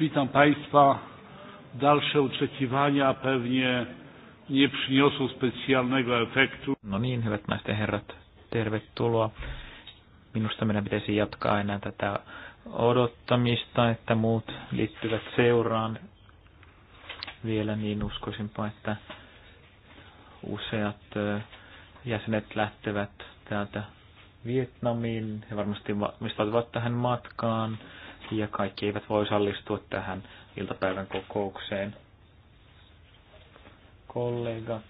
Witam Państwa. Dalsze oczekiwania pewnie nie przyniosą specjalnego efektu. No niin, hyvät naiset ja herrat, tervetuloa. Minusta meidän pitäisi jatkaa enää tätä odottamista, että muut liittyvät seuraan vielä, niin uskoisinpa, että useat jäsenet lähtevät täältä Vietnamiin. He varmasti valmistautuvat tähän matkaan ja kaikki eivät voi osallistua tähän iltapäivän kokoukseen. Kollegat.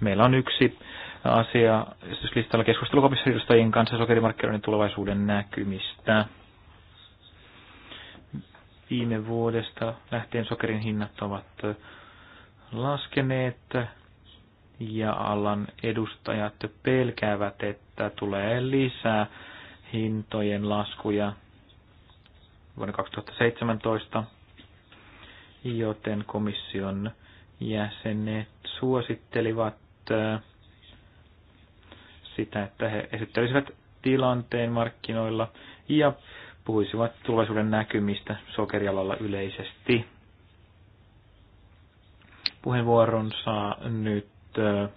Meillä on yksi asia esityslistalla keskustelukomissaedustajien kanssa sokerimarkkinoiden tulevaisuuden näkymistä. Viime vuodesta lähtien sokerin hinnat ovat laskeneet ja alan edustajat pelkäävät, että tulee lisää hintojen laskuja vuonna 2017, joten komission jäsenet suosittelivat äh, sitä, että he esittelisivät tilanteen markkinoilla ja puhuisivat tulevaisuuden näkymistä sokerialalla yleisesti. Puheenvuoron saa nyt äh,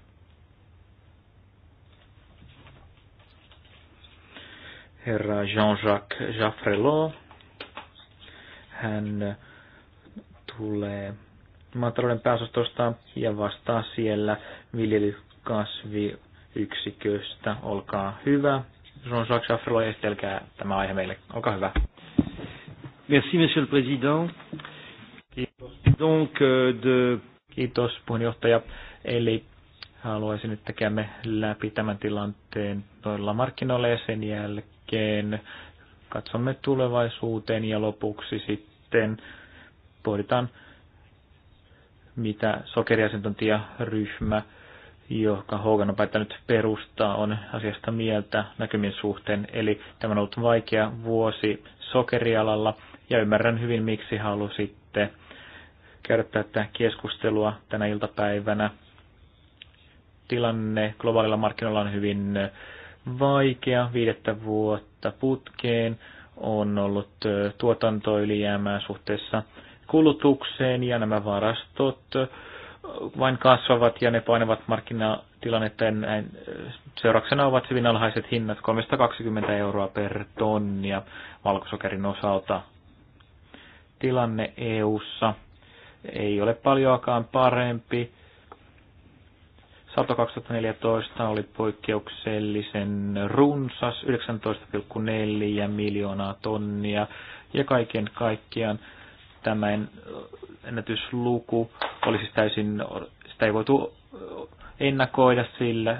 herra Jean-Jacques Jaffrelot. Hän tulee maatalouden pääosastosta ja vastaa siellä viljelykasviyksiköstä. Olkaa hyvä. Jean-Jacques Jaffrelot, estelkää tämä aihe meille. Olkaa hyvä. Merci, monsieur le président. Kiitos. Donc, euh, de... Kiitos puheenjohtaja. Eli haluaisin, että käymme läpi tämän tilanteen noilla markkinoilla ja sen jälkeen jälkeen katsomme tulevaisuuteen ja lopuksi sitten pohditaan, mitä sokeriasiantuntijaryhmä, joka Hogan on päättänyt perustaa, on asiasta mieltä näkymien suhteen. Eli tämä on ollut vaikea vuosi sokerialalla ja ymmärrän hyvin, miksi halusitte käydä tätä keskustelua tänä iltapäivänä. Tilanne globaalilla markkinoilla on hyvin vaikea viidettä vuotta putkeen. On ollut tuotantoylijäämää suhteessa kulutukseen ja nämä varastot vain kasvavat ja ne painavat markkinatilannetta näin seurauksena ovat hyvin alhaiset hinnat 320 euroa per tonnia valkosokerin osalta. Tilanne EU:ssa ei ole paljoakaan parempi Sato 2014 oli poikkeuksellisen runsas, 19,4 miljoonaa tonnia, ja kaiken kaikkiaan tämä ennätysluku oli siis täysin, sitä ei voitu ennakoida, sillä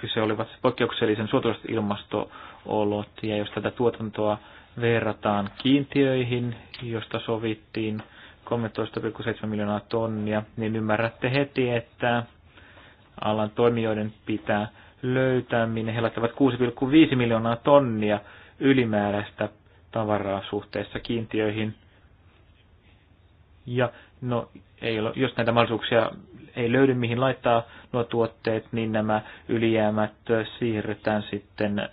kyse olivat poikkeuksellisen suotuisat ilmastoolot, ja jos tätä tuotantoa verrataan kiintiöihin, josta sovittiin 13,7 miljoonaa tonnia, niin ymmärrätte heti, että alan toimijoiden pitää löytää, minne he laittavat 6,5 miljoonaa tonnia ylimääräistä tavaraa suhteessa kiintiöihin. Ja no, ei ole, jos näitä mahdollisuuksia ei löydy, mihin laittaa nuo tuotteet, niin nämä ylijäämät siirretään sitten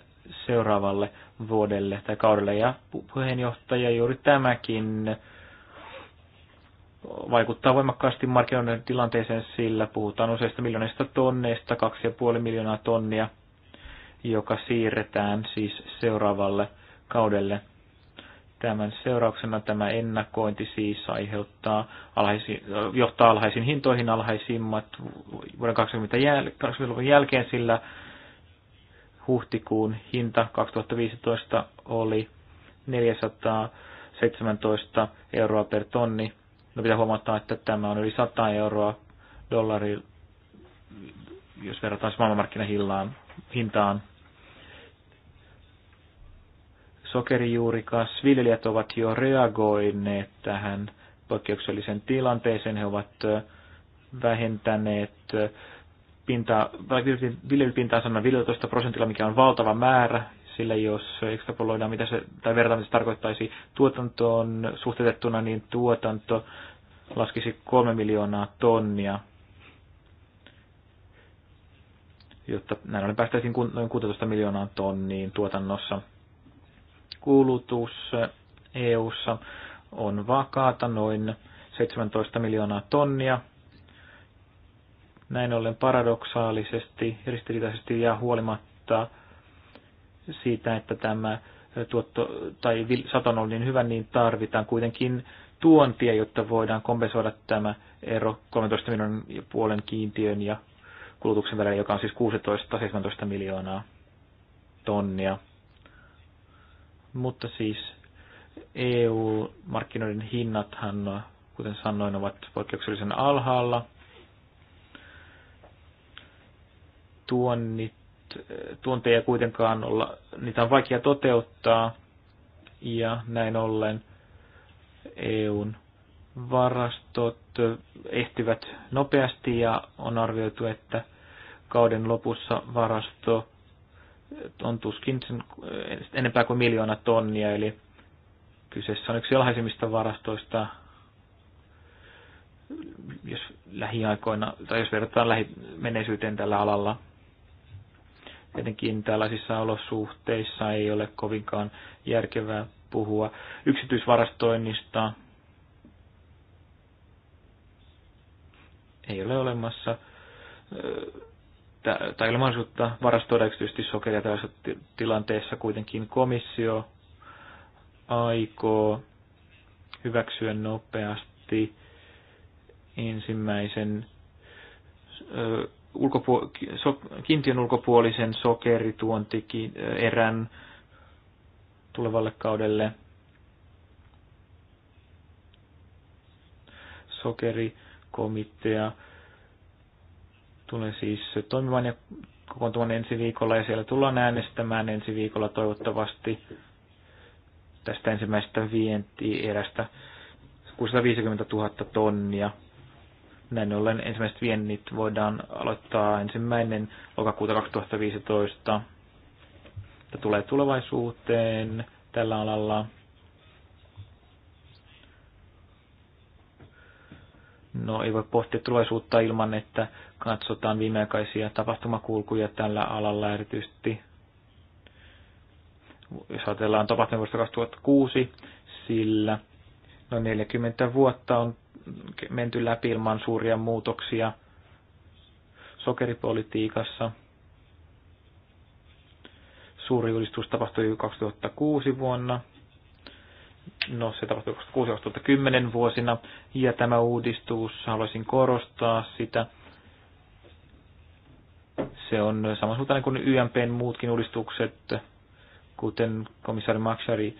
seuraavalle vuodelle tai kaudelle. Ja puheenjohtaja juuri tämäkin vaikuttaa voimakkaasti markkinoiden tilanteeseen, sillä puhutaan useista miljoonista tonneista, 2,5 miljoonaa tonnia, joka siirretään siis seuraavalle kaudelle. Tämän seurauksena tämä ennakointi siis aiheuttaa alhaisi, johtaa alhaisiin hintoihin alhaisimmat vuoden 2020 luvun jälkeen, sillä huhtikuun hinta 2015 oli 417 euroa per tonni No pitää huomauttaa, että tämä on yli 100 euroa dollari, jos verrataan maailmanmarkkinahintaan. hintaan. Sokerijuurikas, viljelijät ovat jo reagoineet tähän poikkeukselliseen tilanteeseen. He ovat vähentäneet pintaa, viljelypintaa 15 prosentilla, mikä on valtava määrä, sillä jos ekstrapoloidaan, mitä se, tai verrataan, mitä se tarkoittaisi tuotantoon suhteutettuna, niin tuotanto laskisi kolme miljoonaa tonnia, jotta näin ollen päästäisiin noin 16 miljoonaan tonniin tuotannossa. Kulutus EU:ssa on vakaata noin 17 miljoonaa tonnia. Näin ollen paradoksaalisesti, ristiriitaisesti ja huolimatta siitä, että tämä tuotto tai saton on niin hyvä, niin tarvitaan kuitenkin tuontia, jotta voidaan kompensoida tämä ero 13 miljoonan puolen kiintiön ja kulutuksen välillä, joka on siis 16-17 miljoonaa tonnia. Mutta siis EU-markkinoiden hinnathan, kuten sanoin, ovat poikkeuksellisen alhaalla. Tuonnit tunteja kuitenkaan olla, niitä on vaikea toteuttaa ja näin ollen EUn varastot ehtivät nopeasti ja on arvioitu, että kauden lopussa varasto on tuskin sen enempää kuin miljoona tonnia, eli kyseessä on yksi alhaisimmista varastoista, jos lähiaikoina, tai jos verrataan lähimenneisyyteen tällä alalla. Tietenkin tällaisissa olosuhteissa ei ole kovinkaan järkevää puhua yksityisvarastoinnista. Ei ole olemassa tai ole mahdollisuutta varastoida yksityisesti sokeria tällaisessa tilanteessa kuitenkin komissio aikoo hyväksyä nopeasti ensimmäisen ulkopuol- so- kiintiön ulkopuolisen sokerituontikin erän tulevalle kaudelle. Sokerikomitea tulee siis toimimaan ja kokoontumaan ensi viikolla ja siellä tullaan äänestämään ensi viikolla toivottavasti tästä ensimmäisestä vientierästä 650 000 tonnia näin ollen ensimmäiset viennit voidaan aloittaa ensimmäinen lokakuuta 2015. Tämä tulee tulevaisuuteen tällä alalla. No ei voi pohtia tulevaisuutta ilman, että katsotaan viimeaikaisia tapahtumakulkuja tällä alalla erityisesti. Jos ajatellaan tapahtumia vuodesta 2006, sillä noin 40 vuotta on menty läpi ilman suuria muutoksia sokeripolitiikassa. Suuri uudistus tapahtui 2006 vuonna. No, se tapahtui 2006-2010 vuosina, ja tämä uudistus, haluaisin korostaa sitä, se on samansuuntainen kuin YMPn muutkin uudistukset, kuten komissaari Maksari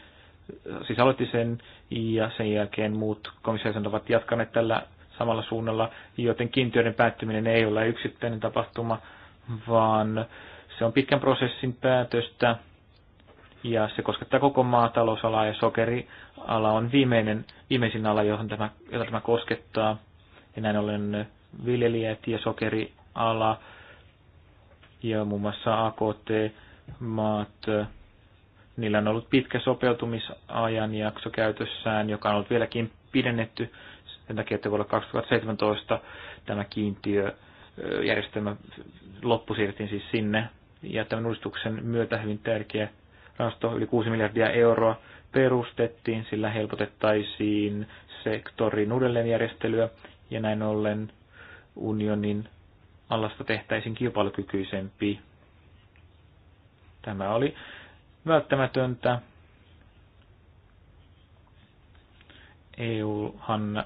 siis aloitti sen ja sen jälkeen muut komissiaiset ovat jatkaneet tällä samalla suunnalla, joten kiintiöiden päättyminen ei ole yksittäinen tapahtuma, vaan se on pitkän prosessin päätöstä ja se koskettaa koko maatalousalaa ja sokeriala on viimeinen, viimeisin ala, johon tämä, jota tämä koskettaa. Ja näin ollen viljelijät ja sokeriala ja muun muassa AKT-maat Niillä on ollut pitkä sopeutumisajan jakso käytössään, joka on ollut vieläkin pidennetty sen takia, että vuonna 2017 tämä kiintiöjärjestelmä loppu siirrettiin siis sinne. Ja tämän uudistuksen myötä hyvin tärkeä rahasto, yli 6 miljardia euroa, perustettiin, sillä helpotettaisiin sektorin uudelleenjärjestelyä ja näin ollen unionin alasta tehtäisiin kilpailukykyisempi. Tämä oli välttämätöntä. EUhan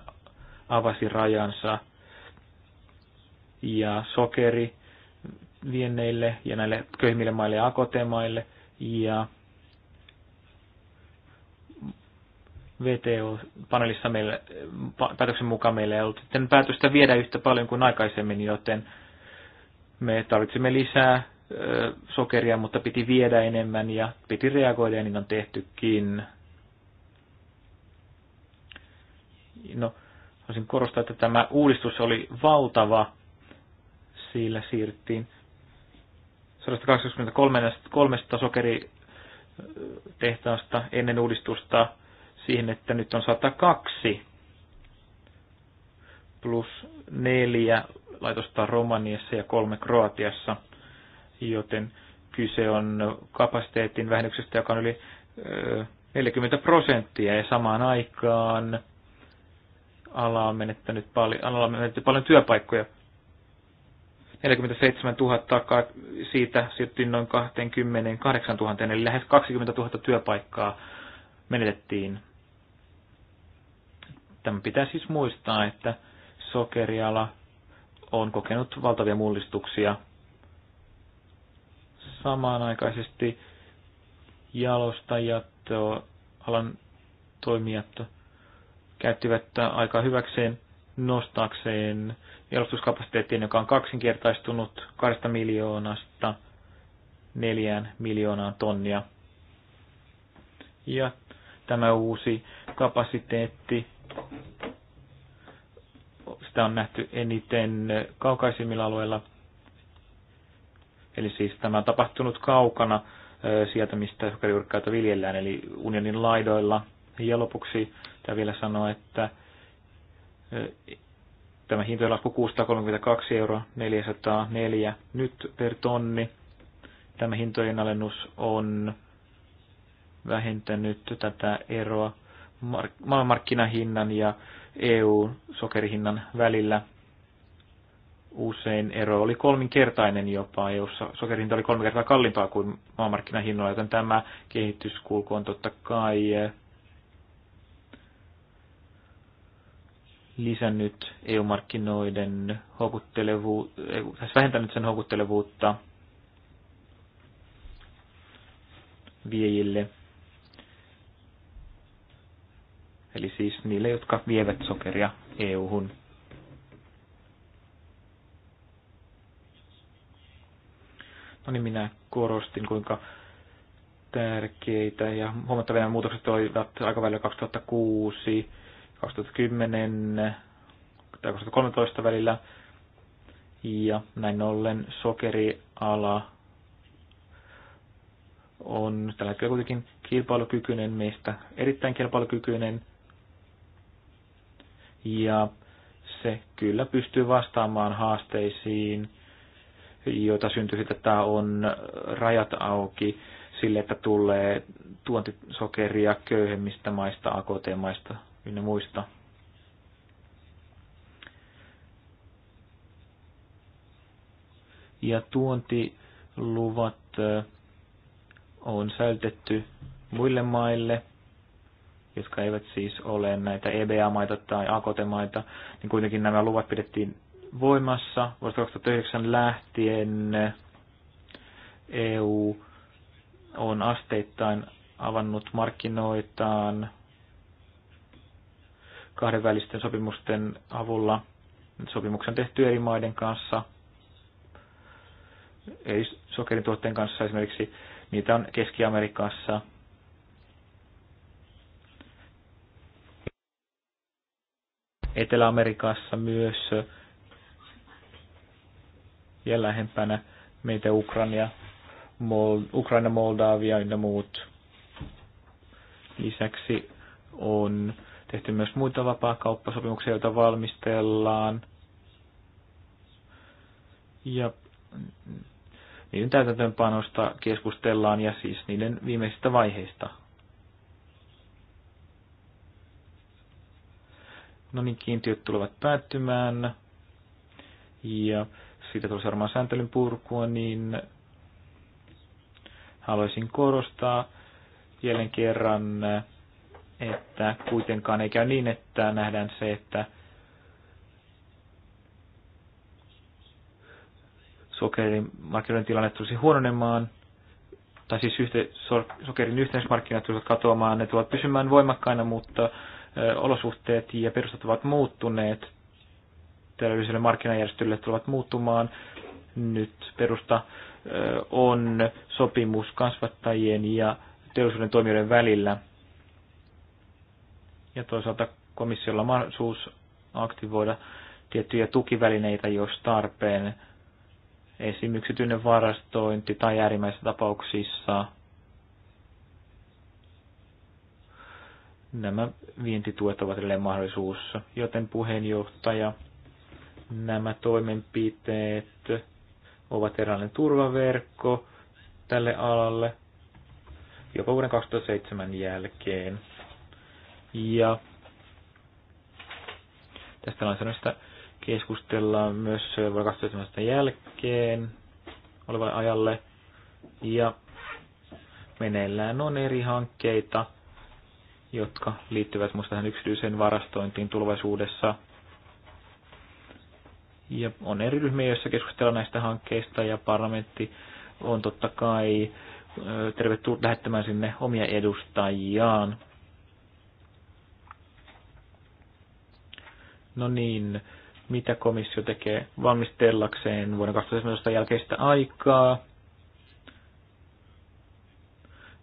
avasi rajansa ja sokeri vienneille ja näille köyhimmille maille ja akotemaille ja VTO-paneelissa meillä, päätöksen mukaan meillä ei ollut päätöstä viedä yhtä paljon kuin aikaisemmin, joten me tarvitsemme lisää sokeria, mutta piti viedä enemmän ja piti reagoida ja niin on tehtykin. No, haluaisin korostaa, että tämä uudistus oli valtava. Sillä siirryttiin 123 sokeritehtaasta ennen uudistusta siihen, että nyt on 102 plus neljä laitosta Romaniassa ja kolme Kroatiassa – joten kyse on kapasiteetin vähennyksestä, joka on yli 40 prosenttia ja samaan aikaan ala on menettänyt paljon, ala on menettänyt paljon työpaikkoja. 47 000 siitä siirtyin noin 28 000, eli lähes 20 000 työpaikkaa menetettiin. Tämä pitää siis muistaa, että sokeriala on kokenut valtavia mullistuksia – samanaikaisesti jalostajat, alan toimijat käyttivät aika hyväkseen nostaakseen jalostuskapasiteettiin, joka on kaksinkertaistunut kahdesta miljoonasta neljään miljoonaan tonnia. Ja tämä uusi kapasiteetti, sitä on nähty eniten kaukaisimmilla alueilla – Eli siis tämä on tapahtunut kaukana sieltä, mistä sokerijuurikkaita viljellään, eli unionin laidoilla. Ja lopuksi tämä vielä sanoa, että tämä hintojen lasku 632 euroa 404 nyt per tonni. Tämä hintojen alennus on vähentänyt tätä eroa maailmanmarkkinahinnan ja EU-sokerihinnan välillä usein ero oli kolminkertainen jopa, jossa sokerinta oli kolme kertaa kalliimpaa kuin maamarkkinahinnoilla, joten tämä kehityskulku on totta kai eh, lisännyt EU-markkinoiden houkuttelevuutta, eh, siis vähentänyt sen houkuttelevuutta viejille. Eli siis niille, jotka vievät sokeria EU-hun. No niin, minä korostin, kuinka tärkeitä ja huomattavia muutokset olivat välillä 2006, 2010 tai 2013 välillä. Ja näin ollen sokeriala on tällä hetkellä kuitenkin kilpailukykyinen meistä, erittäin kilpailukykyinen. Ja se kyllä pystyy vastaamaan haasteisiin, joita syntyy sitten, että on rajat auki sille, että tulee tuontisokeria köyhemmistä maista, AKT-maista ynnä muista. Ja tuontiluvat on säilytetty muille maille, jotka eivät siis ole näitä EBA-maita tai AKT-maita, niin kuitenkin nämä luvat pidettiin voimassa vuodesta 2009 lähtien EU on asteittain avannut markkinoitaan kahdenvälisten sopimusten avulla. Sopimuksen tehty eri maiden kanssa, ei sokerin tuotteen kanssa esimerkiksi. Niitä on Keski-Amerikassa, Etelä-Amerikassa myös ja lähempänä meitä Ukraina, Mol, Ukraina Moldavia ja muut. Lisäksi on tehty myös muita vapaakauppasopimuksia, joita valmistellaan. Ja niiden täytäntöönpanosta keskustellaan ja siis niiden viimeisistä vaiheista. No niin, kiintiöt tulevat päättymään. Ja siitä tulisi varmaan sääntelyn purkua, niin haluaisin korostaa jälleen kerran, että kuitenkaan ei käy niin, että nähdään se, että markkinoiden tilanne tulisi huononemaan, tai siis yhte, sokerin yhteismarkkinat tulisivat katoamaan, ne tulevat pysymään voimakkaina, mutta olosuhteet ja perustat ovat muuttuneet yleiselle markkinajärjestelylle tulevat muuttumaan. Nyt perusta on sopimus kasvattajien ja teollisuuden toimijoiden välillä. Ja toisaalta komissiolla on mahdollisuus aktivoida tiettyjä tukivälineitä, jos tarpeen. Esim. yksityinen varastointi tai äärimmäisissä tapauksissa nämä vientituet ovat edelleen mahdollisuus. Joten puheenjohtaja, Nämä toimenpiteet ovat eräänlainen turvaverkko tälle alalle jopa vuoden 2007 jälkeen. Ja tästä lainsäädännöstä keskustellaan myös vuoden 2007 jälkeen olevalle ajalle. Ja meneillään on eri hankkeita, jotka liittyvät myös tähän yksityiseen varastointiin tulevaisuudessa – ja on eri ryhmiä, joissa keskustellaan näistä hankkeista ja parlamentti on totta kai tervetullut lähettämään sinne omia edustajiaan. No niin, mitä komissio tekee valmistellakseen vuoden 2017 jälkeistä aikaa?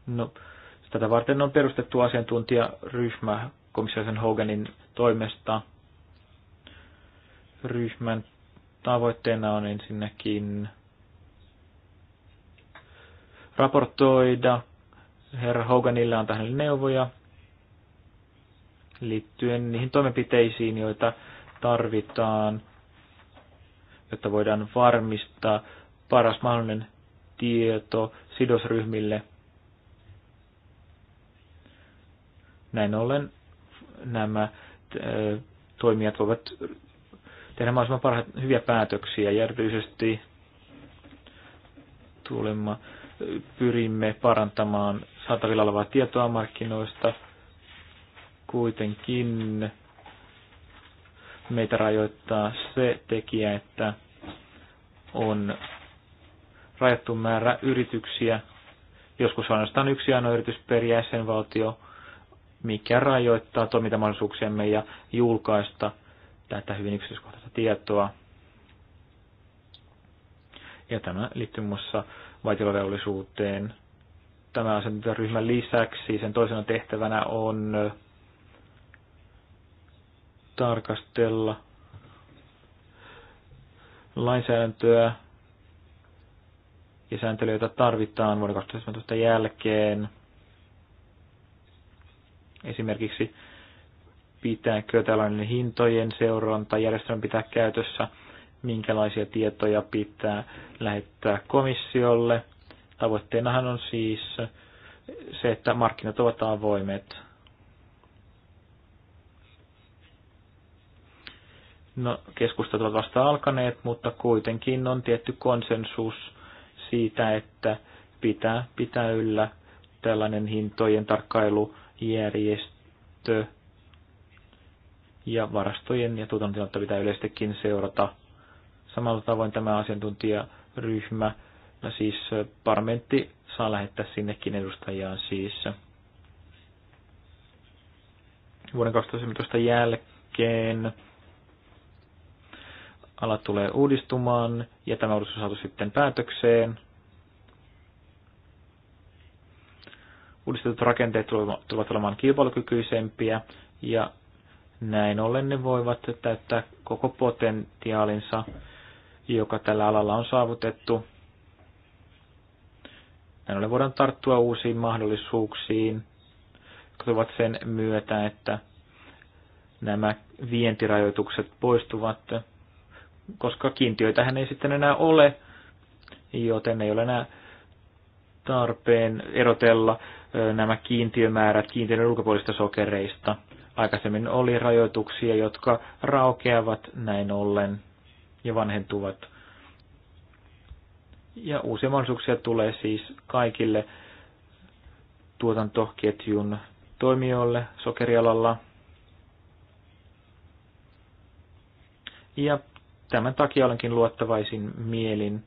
No, tätä varten on perustettu asiantuntijaryhmä komissiosen Hoganin toimesta. Ryhmän tavoitteena on ensinnäkin raportoida. Herra Hoganille on tähän neuvoja liittyen niihin toimenpiteisiin, joita tarvitaan, jotta voidaan varmistaa paras mahdollinen tieto sidosryhmille. Näin ollen nämä toimijat voivat tehdä mahdollisimman parhaat, hyviä päätöksiä ja erityisesti tulema, pyrimme parantamaan saatavilla olevaa tietoa markkinoista. Kuitenkin meitä rajoittaa se tekijä, että on rajattu määrä yrityksiä. Joskus ainoastaan yksi ainoa yritys per jäsenvaltio, mikä rajoittaa toimintamahdollisuuksiamme ja julkaista – tätä hyvin yksityiskohtaista tietoa. Ja tämä liittyy muun muassa vaitiloteollisuuteen. Tämä asiantuntijaryhmän lisäksi sen toisena tehtävänä on tarkastella lainsäädäntöä ja sääntelyä, joita tarvitaan vuoden 2017 jälkeen. Esimerkiksi pitääkö tällainen hintojen seuranta järjestelmä pitää käytössä, minkälaisia tietoja pitää lähettää komissiolle. Tavoitteenahan on siis se, että markkinat ovat avoimet. No, keskustelut ovat vasta alkaneet, mutta kuitenkin on tietty konsensus siitä, että pitää pitää yllä tällainen hintojen tarkkailujärjestö ja varastojen ja tuotantotilannetta pitää yleisestikin seurata. Samalla tavoin tämä asiantuntijaryhmä, no siis parmentti, saa lähettää sinnekin edustajiaan siis. Vuoden 2017 jälkeen ala tulee uudistumaan ja tämä uudistus on saatu sitten päätökseen. Uudistetut rakenteet tulevat olemaan kilpailukykyisempiä ja näin ollen ne voivat täyttää koko potentiaalinsa, joka tällä alalla on saavutettu. Näin ollen voidaan tarttua uusiin mahdollisuuksiin, jotka tulevat sen myötä, että nämä vientirajoitukset poistuvat, koska kiintiöitähän ei sitten enää ole, joten ei ole enää tarpeen erotella nämä kiintiömäärät kiintiöiden ulkopuolista sokereista. Aikaisemmin oli rajoituksia, jotka raukeavat näin ollen ja vanhentuvat. Ja uusia mahdollisuuksia tulee siis kaikille tuotantoketjun toimijoille sokerialalla. Ja tämän takia olenkin luottavaisin mielin,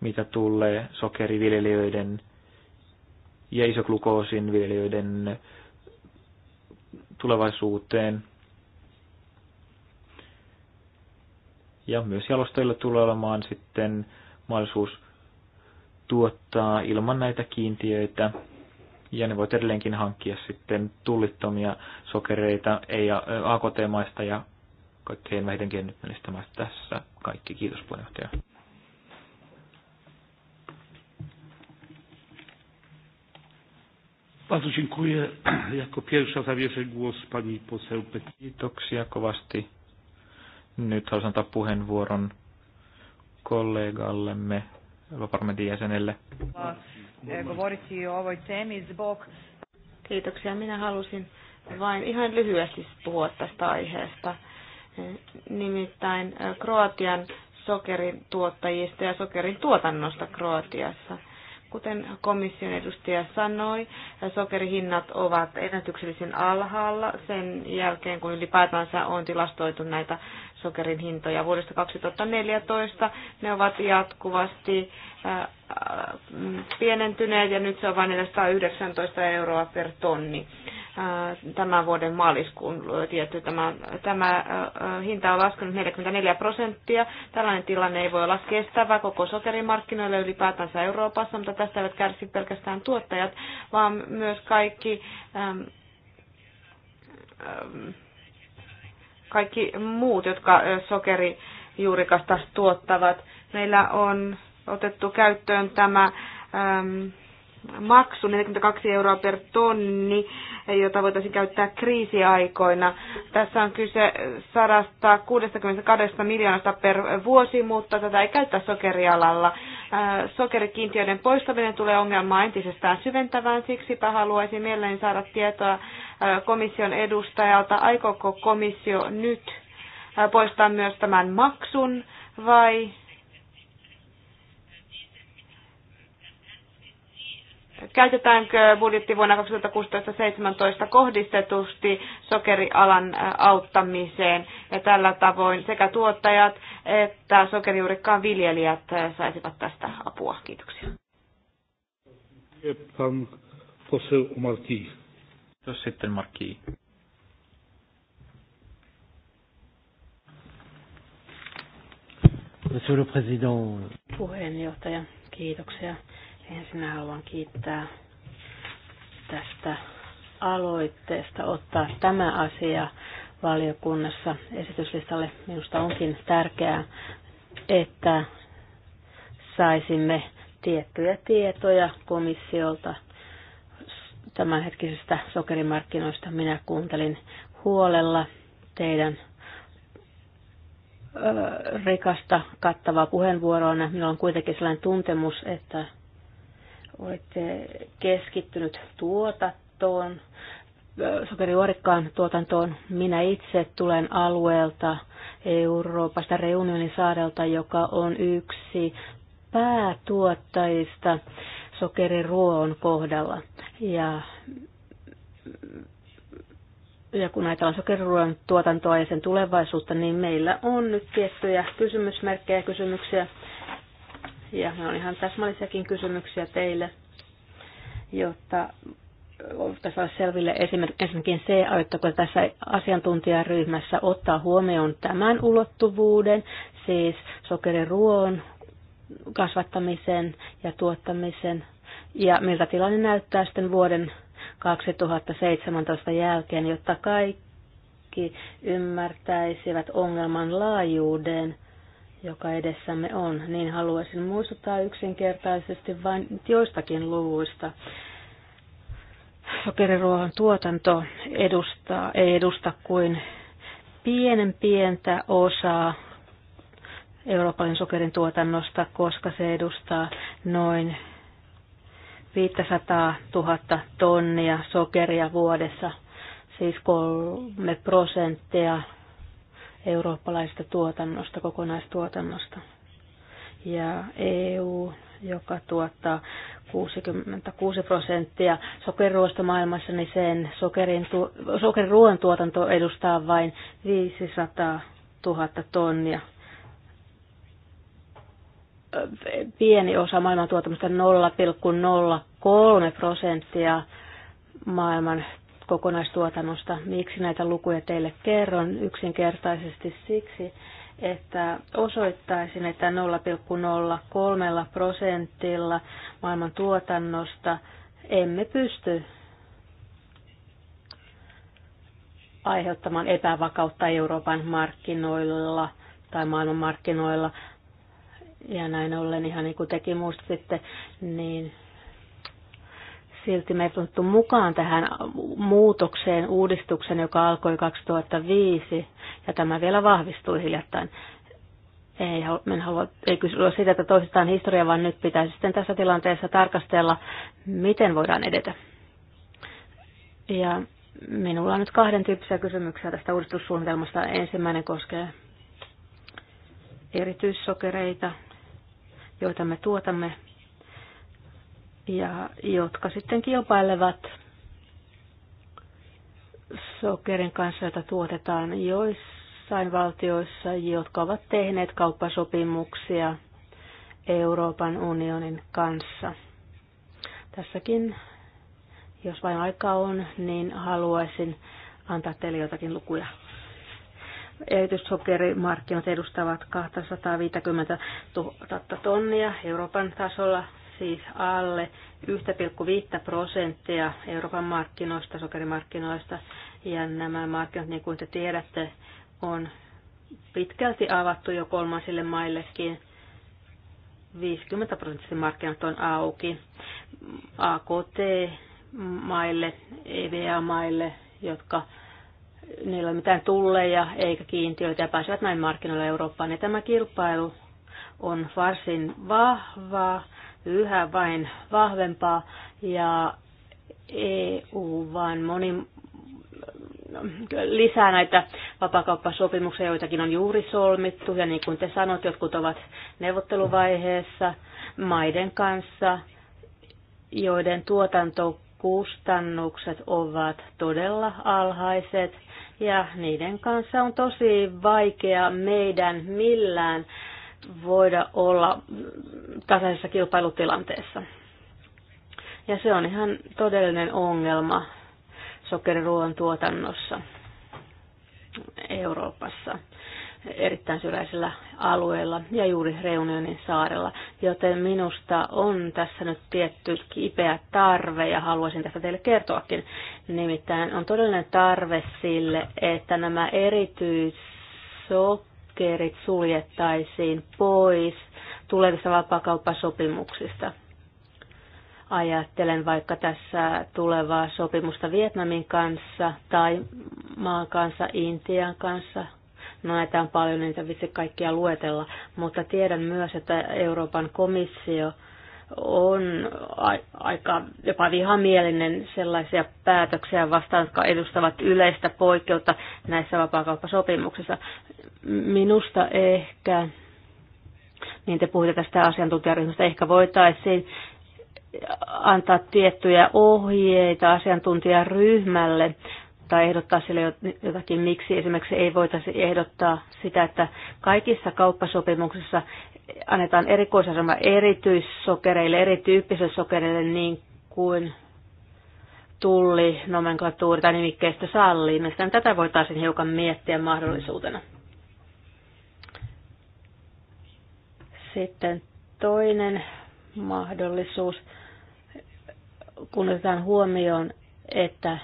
mitä tulee sokeriviljelijöiden ja isoglukoosin viljelijöiden tulevaisuuteen. Ja myös jalostajilla tulee olemaan sitten mahdollisuus tuottaa ilman näitä kiintiöitä. Ja ne voit edelleenkin hankkia sitten tullittomia sokereita, ei AKT-maista ja kaikkein vähiten kiinnittämistä tässä. Kaikki, kiitos puheenjohtaja. Bardzo dziękuję. Jako pierwsza zabierze głos pani poseł Kiitoksia kovasti. Nyt haluan antaa puheenvuoron kollegallemme, parlamentin jäsenelle. Äh, Kiitoksia. Minä halusin vain ihan lyhyesti puhua tästä aiheesta. Nimittäin äh, Kroatian sokerin tuottajista ja sokerin tuotannosta Kroatiassa – Kuten komission edustaja sanoi, sokerihinnat ovat ennätyksellisen alhaalla sen jälkeen, kun ylipäätänsä on tilastoitu näitä sokerin hintoja vuodesta 2014. Ne ovat jatkuvasti äh, äh, pienentyneet ja nyt se on vain 419 euroa per tonni tämän vuoden maaliskuun tietty. Tämä, tämä hinta on laskenut 44 prosenttia. Tällainen tilanne ei voi olla kestävä koko sokerimarkkinoille ylipäätänsä Euroopassa, mutta tästä eivät kärsi pelkästään tuottajat, vaan myös kaikki, äm, äm, kaikki muut, jotka sokerijuurikasta tuottavat. Meillä on otettu käyttöön tämä äm, maksu 42 euroa per tonni, jota voitaisiin käyttää kriisiaikoina. Tässä on kyse 162 miljoonasta per vuosi, mutta tätä ei käytä sokerialalla. Äh, sokerikiintiöiden poistaminen tulee ongelmaa entisestään syventävään, siksi haluaisin mielelläni saada tietoa äh, komission edustajalta, aikooko komissio nyt äh, poistaa myös tämän maksun vai Käytetäänkö budjetti vuonna 2016-2017 kohdistetusti sokerialan auttamiseen ja tällä tavoin sekä tuottajat että sokerijuurikkaan viljelijät saisivat tästä apua? Kiitoksia. sitten Markki. Monsieur le Président. Puheenjohtaja, kiitoksia. Ensin haluan kiittää tästä aloitteesta ottaa tämä asia valiokunnassa esityslistalle. Minusta onkin tärkeää, että saisimme tiettyjä tietoja komissiolta tämänhetkisistä sokerimarkkinoista. Minä kuuntelin huolella teidän rikasta kattavaa puheenvuoroa. Minulla on kuitenkin sellainen tuntemus, että olette keskittynyt tuotantoon, sokerijuorikkaan tuotantoon. Minä itse tulen alueelta Euroopasta, Reunionin saarelta, joka on yksi päätuottajista sokeriruoon kohdalla. Ja, ja kun ajatellaan sokeriruoan tuotantoa ja sen tulevaisuutta, niin meillä on nyt tiettyjä kysymysmerkkejä ja kysymyksiä, ja ne on ihan täsmällisiäkin kysymyksiä teille, jotta tässä olisi selville ensinnäkin se, aiotteko tässä asiantuntijaryhmässä ottaa huomioon tämän ulottuvuuden, siis sokeriruoan kasvattamisen ja tuottamisen, ja miltä tilanne näyttää sitten vuoden 2017 jälkeen, jotta kaikki ymmärtäisivät ongelman laajuuden – joka edessämme on, niin haluaisin muistuttaa yksinkertaisesti vain joistakin luvuista. Sokeriruohon tuotanto edustaa, ei edusta kuin pienen pientä osaa Euroopan sokerin tuotannosta, koska se edustaa noin 500 000 tonnia sokeria vuodessa, siis kolme prosenttia eurooppalaisesta tuotannosta, kokonaistuotannosta. Ja EU, joka tuottaa 66 prosenttia sokeruosta maailmassa, niin sen sokerin, sokeriruoan tuotanto edustaa vain 500 000 tonnia. Pieni osa maailman tuotannosta 0,03 prosenttia maailman kokonaistuotannosta. Miksi näitä lukuja teille kerron? Yksinkertaisesti siksi, että osoittaisin, että 0,03 prosentilla maailman tuotannosta emme pysty aiheuttamaan epävakautta Euroopan markkinoilla tai maailman markkinoilla. Ja näin ollen, ihan niin kuin tekin muistitte, niin Silti me ei tultu mukaan tähän muutokseen, uudistuksen, joka alkoi 2005, ja tämä vielä vahvistui hiljattain. Ei, en halua, ei kysyä sitä, että toistetaan historia, vaan nyt pitäisi sitten tässä tilanteessa tarkastella, miten voidaan edetä. Ja minulla on nyt kahden tyyppisiä kysymyksiä tästä uudistussuunnitelmasta. Ensimmäinen koskee erityissokereita, joita me tuotamme ja jotka sitten kilpailevat sokerin kanssa, jota tuotetaan joissain valtioissa, jotka ovat tehneet kauppasopimuksia Euroopan unionin kanssa. Tässäkin, jos vain aikaa on, niin haluaisin antaa teille jotakin lukuja. Erityissokerimarkkinat edustavat 250 000 tonnia Euroopan tasolla siis alle 1,5 prosenttia Euroopan markkinoista, sokerimarkkinoista. Ja nämä markkinat, niin kuin te tiedätte, on pitkälti avattu jo kolmansille maillekin. 50 prosenttisen markkinat on auki AKT-maille, EVA-maille, jotka niillä ei ole mitään tulleja eikä kiintiöitä ja pääsevät näin markkinoille Eurooppaan. Ja tämä kilpailu on varsin vahvaa yhä vain vahvempaa ja EU vaan moni, lisää näitä vapakauppasopimuksia, joitakin on juuri solmittu, ja niin kuin te sanot, jotkut ovat neuvotteluvaiheessa maiden kanssa, joiden tuotantokustannukset ovat todella alhaiset, ja niiden kanssa on tosi vaikea meidän millään voida olla tasaisessa kilpailutilanteessa. Ja se on ihan todellinen ongelma sokeriruoan tuotannossa Euroopassa erittäin syrjäisellä alueella ja juuri Reunionin saarella. Joten minusta on tässä nyt tietty kipeä tarve ja haluaisin tästä teille kertoakin. Nimittäin on todellinen tarve sille, että nämä erityis blokkeerit suljettaisiin pois tulevista vapaakauppasopimuksista. Ajattelen vaikka tässä tulevaa sopimusta Vietnamin kanssa tai maan kanssa, Intian kanssa. No näitä on paljon, niitä vitsi kaikkia luetella, mutta tiedän myös, että Euroopan komissio – on aika jopa vihamielinen sellaisia päätöksiä vastaan, jotka edustavat yleistä poikkeutta näissä vapaakauppasopimuksissa. Minusta ehkä, niin te puhuitte tästä asiantuntijaryhmästä, ehkä voitaisiin antaa tiettyjä ohjeita asiantuntijaryhmälle tai ehdottaa sille jotakin, miksi esimerkiksi ei voitaisi ehdottaa sitä, että kaikissa kauppasopimuksissa annetaan erikoisasema erityissokereille, erityyppisille sokereille niin kuin tulli, nomenklatuuri tai nimikkeistä salliin. Mielestäni tätä voitaisiin hiukan miettiä mahdollisuutena. Sitten toinen mahdollisuus, kun otetaan huomioon, että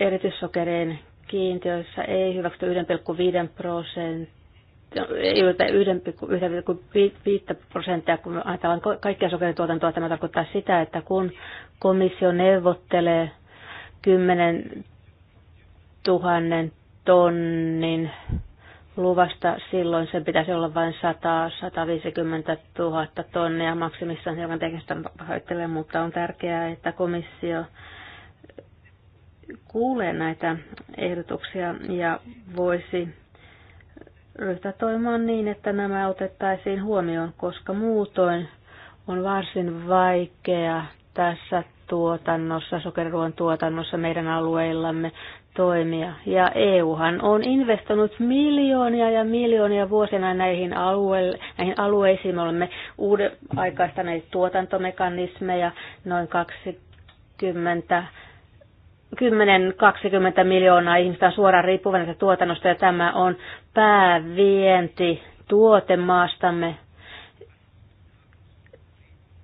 erityissokereen kiintiöissä ei hyväksytä 1,5 prosentin ei ylitä 1,5 prosenttia, kun ajatellaan kaikkia sokerituotantoa. Tämä tarkoittaa sitä, että kun komissio neuvottelee 10 tuhannen tonnin luvasta, silloin se pitäisi olla vain 100-150 000 tonnia maksimissaan, joka teknistä pahoittelee, mutta on tärkeää, että komissio kuulee näitä ehdotuksia ja voisi ryhtyä toimimaan niin, että nämä otettaisiin huomioon, koska muutoin on varsin vaikea tässä tuotannossa, sokeriruoan tuotannossa meidän alueillamme toimia. Ja EUhan on investoinut miljoonia ja miljoonia vuosina näihin, alueille, näihin alueisiin. Me olemme uuden aikaistaneet tuotantomekanismeja noin 20 10-20 miljoonaa ihmistä on suoraan riippuvainen tuotannosta ja tämä on päävienti tuote maastamme.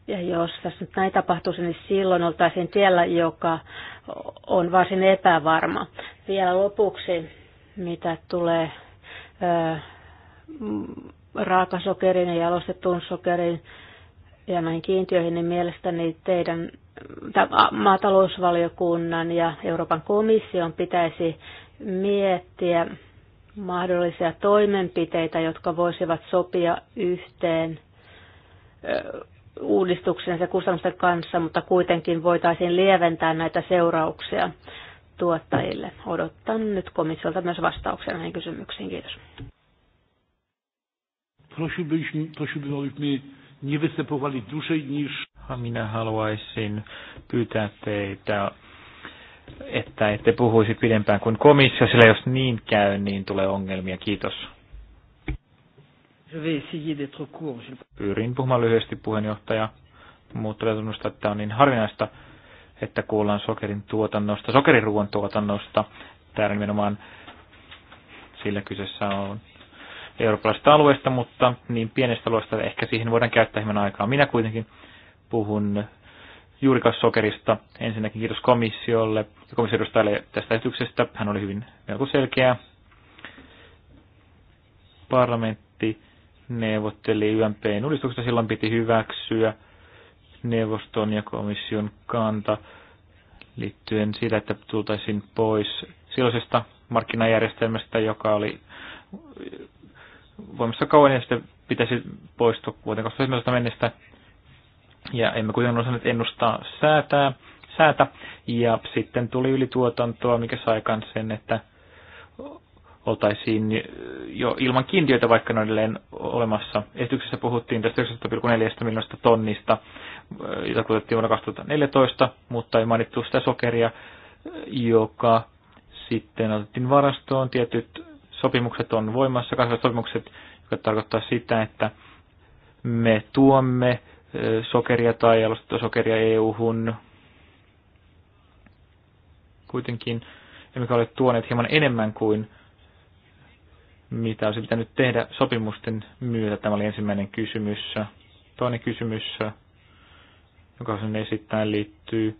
Ja jos tässä nyt näin tapahtuisi, niin silloin oltaisiin tiellä, joka on varsin epävarma. Vielä lopuksi, mitä tulee raakasokerin ja jalostetun sokerin ja näihin kiintiöihin, niin mielestäni teidän maatalousvaliokunnan ja Euroopan komission pitäisi miettiä mahdollisia toimenpiteitä, jotka voisivat sopia yhteen ja kustannusten kanssa, mutta kuitenkin voitaisiin lieventää näitä seurauksia tuottajille. Odotan nyt komissiolta myös vastauksia näihin kysymyksiin. Kiitos. Prosibyśmy, prosibyśmy nie występowali dłużej niż... Minä haluaisin pyytää teitä, että ette puhuisi pidempään kuin komissio, sillä jos niin käy, niin tulee ongelmia. Kiitos. Pyrin puhumaan lyhyesti puheenjohtaja, mutta tulee tunnustaa, että on niin harvinaista, että kuullaan sokerin tuotannosta, sokeriruuan tuotannosta. Täällä nimenomaan sillä kyseessä on eurooppalaisesta alueesta, mutta niin pienestä alueesta ehkä siihen voidaan käyttää hieman aikaa. Minä kuitenkin puhun juurikassokerista. Ensinnäkin kiitos komissiolle ja komissiodustajalle tästä esityksestä. Hän oli hyvin melko selkeä. Parlamentti neuvotteli YMPn uudistuksesta, silloin piti hyväksyä neuvoston ja komission kanta liittyen siitä, että tultaisiin pois silloisesta markkinajärjestelmästä, joka oli voimassa kauan ja sitten pitäisi poistua vuoteen 2017 mennessä. Ja emme kuitenkaan osanneet ennustaa säätää, säätä. Ja sitten tuli ylituotantoa, mikä sai aikaan sen, että oltaisiin jo ilman kiintiöitä, vaikka ne on edelleen olemassa. Esityksessä puhuttiin tästä 9,4 miljoonasta tonnista, jota kulutettiin vuonna 2014, mutta ei mainittu sitä sokeria, joka sitten otettiin varastoon tietyt sopimukset on voimassa, kansainväliset sopimukset, jotka tarkoittaa sitä, että me tuomme sokeria tai jalostettua sokeria EU-hun. Kuitenkin emmekä ole tuoneet hieman enemmän kuin mitä olisi pitänyt tehdä sopimusten myötä. Tämä oli ensimmäinen kysymys. Toinen kysymys, joka sen esittää, liittyy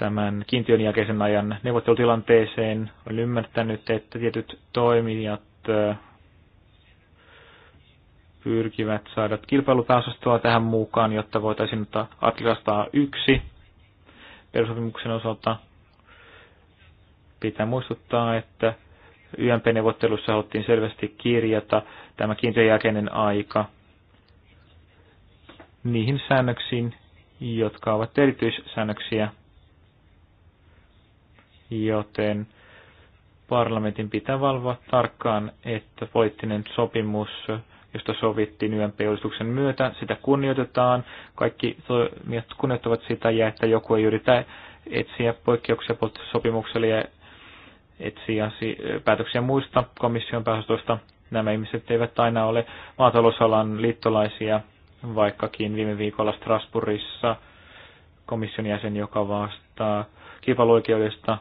tämän kiintiön jälkeisen ajan neuvottelutilanteeseen. Olen ymmärtänyt, että tietyt toimijat äh, pyrkivät saada kilpailupääosastoa tähän mukaan, jotta voitaisiin ottaa Atlasta yksi perusopimuksen osalta. Pitää muistuttaa, että YMP-neuvottelussa haluttiin selvästi kirjata tämä kiintiön jälkeinen aika niihin säännöksiin, jotka ovat erityissäännöksiä joten parlamentin pitää valvoa tarkkaan, että poliittinen sopimus, josta sovittiin YMP-uudistuksen myötä, sitä kunnioitetaan, kaikki toimijat kunnioittavat sitä ja että joku ei yritä etsiä poikkeuksia sopimukselle ja etsiä päätöksiä muista komission pääosastoista. Nämä ihmiset eivät aina ole maatalousalan liittolaisia, vaikkakin viime viikolla Strasbourgissa komission jäsen, joka vastaa kilpailuoikeudesta,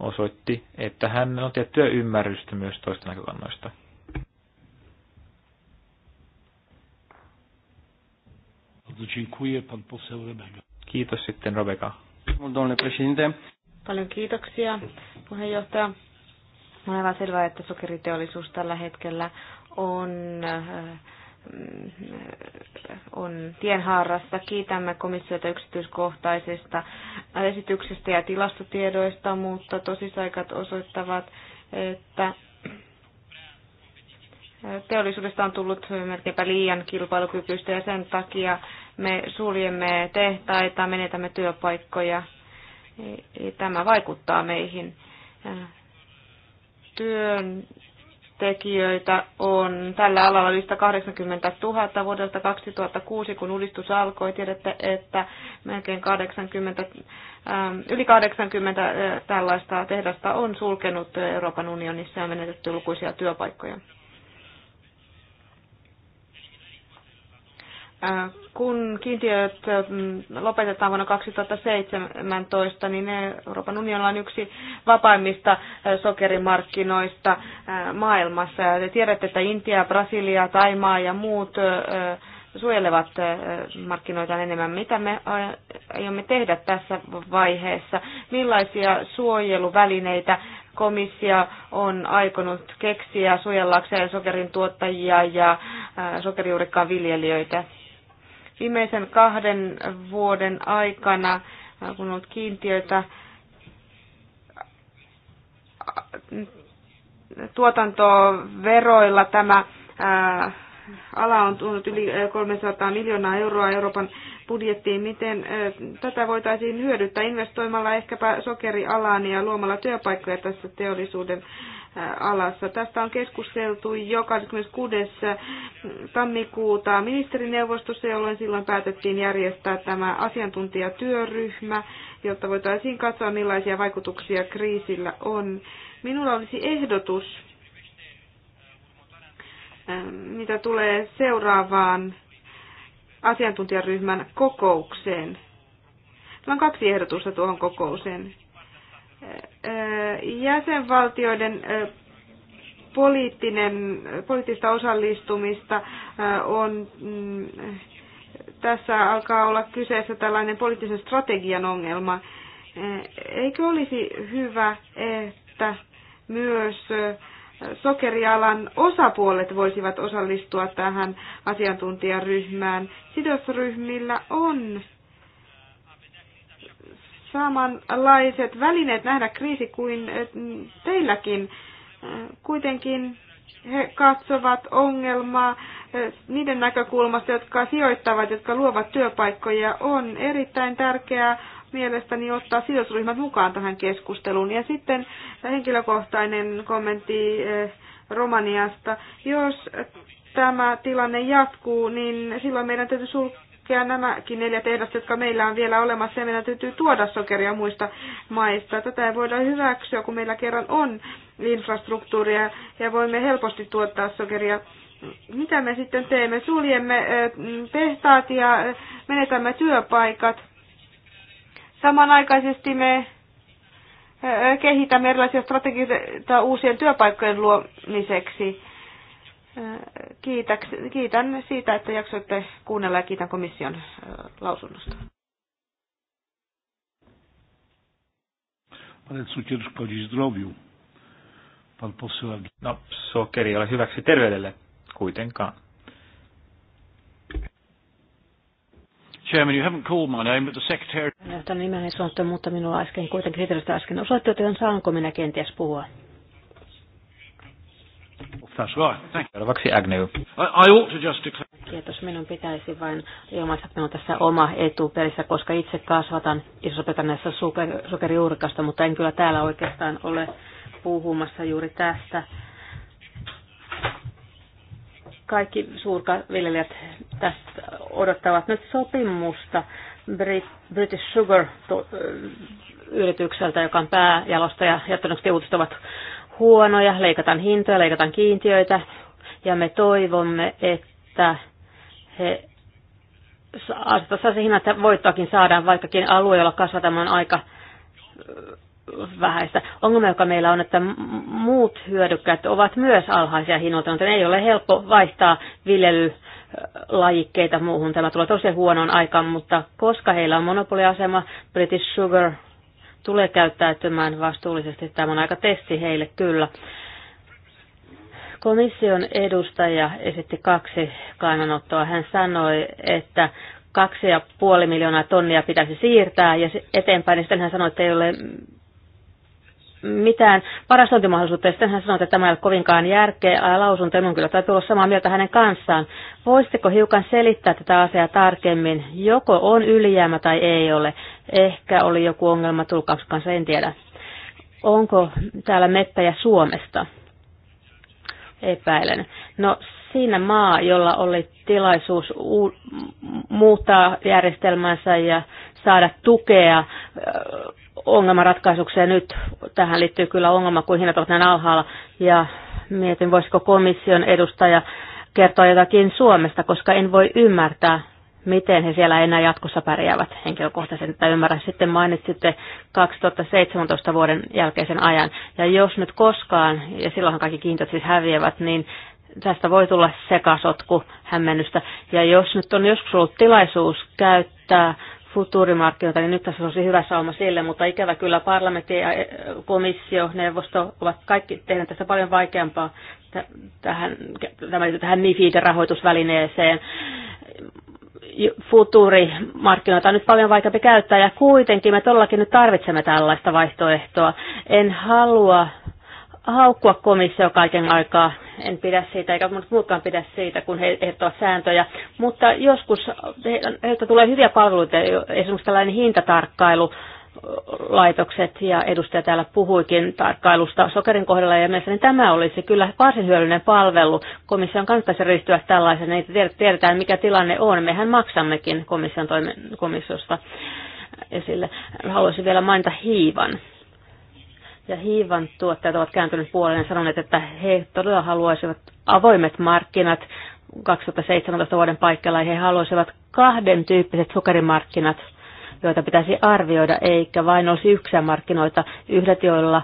osoitti, että hän on tiettyä ymmärrystä myös toisten näkökannoista. Kiitos sitten Rebecca. Paljon kiitoksia puheenjohtaja. On aivan selvää, että sokeriteollisuus tällä hetkellä on äh, Mm, on tienhaarassa. Kiitämme komissiota yksityiskohtaisesta esityksestä ja tilastotiedoista, mutta tosisaikat osoittavat, että teollisuudesta on tullut melkeinpä liian kilpailukykyistä ja sen takia me suljemme tehtaita, menetämme työpaikkoja. Tämä vaikuttaa meihin. Työn tekijöitä on tällä alalla yli 80 000 vuodelta 2006, kun uudistus alkoi. Tiedätte, että melkein 80, ähm, yli 80 äh, tällaista tehdasta on sulkenut Euroopan unionissa ja menetetty lukuisia työpaikkoja. Äh, kun kiintiöt mm, lopetetaan vuonna 2017, niin Euroopan unionilla on yksi vapaimmista äh, sokerimarkkinoista äh, maailmassa. Te tiedätte, että Intia, Brasilia, Taimaa ja muut suojelevat markkinoita enemmän. Mitä me aiomme tehdä tässä vaiheessa? Millaisia suojeluvälineitä komissio on aikonut keksiä suojellakseen sokerin tuottajia ja sokerijuurikkaan viljelijöitä? Viimeisen kahden vuoden aikana, kun on ollut kiintiöitä, tuotantoveroilla tämä ää, ala on tuonut yli 300 miljoonaa euroa Euroopan budjettiin. Miten tätä voitaisiin hyödyttää investoimalla ehkäpä sokerialaan ja luomalla työpaikkoja tässä teollisuuden alassa. Tästä on keskusteltu jo 26. tammikuuta ministerineuvostossa, jolloin silloin päätettiin järjestää tämä asiantuntijatyöryhmä, jotta voitaisiin katsoa millaisia vaikutuksia kriisillä on. Minulla olisi ehdotus Ähm, mitä tulee seuraavaan asiantuntijaryhmän kokoukseen. Tämä on kaksi ehdotusta tuohon kokoukseen. Jäsenvaltioiden poliittinen, poliittista osallistumista on, mm, tässä alkaa olla kyseessä tällainen poliittisen strategian ongelma. Eikö olisi hyvä, että myös sokerialan osapuolet voisivat osallistua tähän asiantuntijaryhmään. Sidosryhmillä on samanlaiset välineet nähdä kriisi kuin teilläkin. Kuitenkin he katsovat ongelmaa niiden näkökulmasta, jotka sijoittavat, jotka luovat työpaikkoja. On erittäin tärkeää mielestäni ottaa sidosryhmät mukaan tähän keskusteluun. Ja sitten henkilökohtainen kommentti eh, Romaniasta. Jos tämä tilanne jatkuu, niin silloin meidän täytyy sulkea nämäkin neljä tehdasta, jotka meillä on vielä olemassa, ja meidän täytyy tuoda sokeria muista maista. Tätä ei voida hyväksyä, kun meillä kerran on infrastruktuuria, ja voimme helposti tuottaa sokeria mitä me sitten teemme? Suljemme eh, tehtaat ja menetämme työpaikat. Samanaikaisesti me kehitämme erilaisia strategioita uusien työpaikkojen luomiseksi. Kiitän siitä, että jaksoitte kuunnella ja kiitän komission lausunnosta. Pan poseł No, sokeri ei ole hyväksi terveydelle kuitenkaan. Chairman, you haven't called my name, but the secretary... Johtajan nimeni sanottu, mutta minulla äsken kuitenkin kriteeristä äsken osoitti, joten saanko minä kenties puhua. That's right. Thank you. Agnew. I, I ought to just declare... Kiitos. Minun pitäisi vain ilmaista, että minun tässä oma etu perissä, koska itse kasvatan iso super, sokerijuurikasta, mutta en kyllä täällä oikeastaan ole puhumassa juuri tästä. Kaikki suurkaviljelijät tästä odottavat nyt sopimusta British Sugar yritykseltä, joka on ja jättänyt uutiset ovat huonoja, leikataan hintoja, leikataan kiintiöitä ja me toivomme, että he asettaisivat se että voittoakin saadaan, vaikkakin alueella on aika äh, vähäistä. Ongelma, joka meillä on, että muut hyödykkäät ovat myös alhaisia hinnoilta, joten ei ole helppo vaihtaa viljelyä lajikkeita muuhun. Tämä tulee tosi huonoon aikaan, mutta koska heillä on monopoliasema, British Sugar tulee käyttäytymään vastuullisesti. Tämä on aika testi heille kyllä. Komission edustaja esitti kaksi kannanottoa. Hän sanoi, että kaksi ja puoli miljoonaa tonnia pitäisi siirtää ja eteenpäin. Ja sitten hän sanoi, että ei ole mitään varastointimahdollisuutta. Ja sitten hän sanoi, että tämä ei ole kovinkaan järkeä lausunto. En kyllä täytyy olla samaa mieltä hänen kanssaan. Voisitteko hiukan selittää tätä asiaa tarkemmin? Joko on ylijäämä tai ei ole. Ehkä oli joku ongelma tulkauksen kanssa, en tiedä. Onko täällä mettäjä Suomesta? Epäilen. No siinä maa, jolla oli tilaisuus muuttaa järjestelmänsä ja saada tukea ongelmanratkaisukseen. Nyt tähän liittyy kyllä ongelma, kun hinnat ovat näin alhaalla. Ja mietin, voisiko komission edustaja kertoa jotakin Suomesta, koska en voi ymmärtää, miten he siellä enää jatkossa pärjäävät henkilökohtaisen, tai ymmärrän. Sitten mainitsitte 2017 vuoden jälkeisen ajan. Ja jos nyt koskaan, ja silloinhan kaikki kiintot siis häviävät, niin tästä voi tulla sekasotku hämmennystä. Ja jos nyt on joskus ollut tilaisuus käyttää futurimarkkinoita, niin nyt tässä olisi hyvä sauma sille, mutta ikävä kyllä parlamentti ja eh, komissio, neuvosto ovat kaikki tehneet tästä paljon vaikeampaa tähän, tähän, MIFID-rahoitusvälineeseen. Futurimarkkinoita on nyt paljon vaikeampi käyttää ja kuitenkin me todellakin nyt tarvitsemme tällaista vaihtoehtoa. En halua haukkua komissio kaiken aikaa en pidä siitä, eikä muutkaan pidä siitä, kun he ehdottavat sääntöjä. Mutta joskus heiltä tulee hyviä palveluita, esimerkiksi tällainen hintatarkkailu, laitokset ja edustaja täällä puhuikin tarkkailusta sokerin kohdalla ja mielestäni niin tämä olisi kyllä varsin hyödyllinen palvelu. Komission kannattaisi ryhtyä tällaisen, ei tiedetään mikä tilanne on. Mehän maksammekin komission toimen, komissiosta esille. Haluaisin vielä mainita hiivan ja hiivan tuottajat ovat kääntyneet puoleen ja sanoneet, että he todella haluaisivat avoimet markkinat 2017 vuoden paikalla ja he haluaisivat kahden tyyppiset sokerimarkkinat, joita pitäisi arvioida, eikä vain olisi yksiä markkinoita, yhdet joilla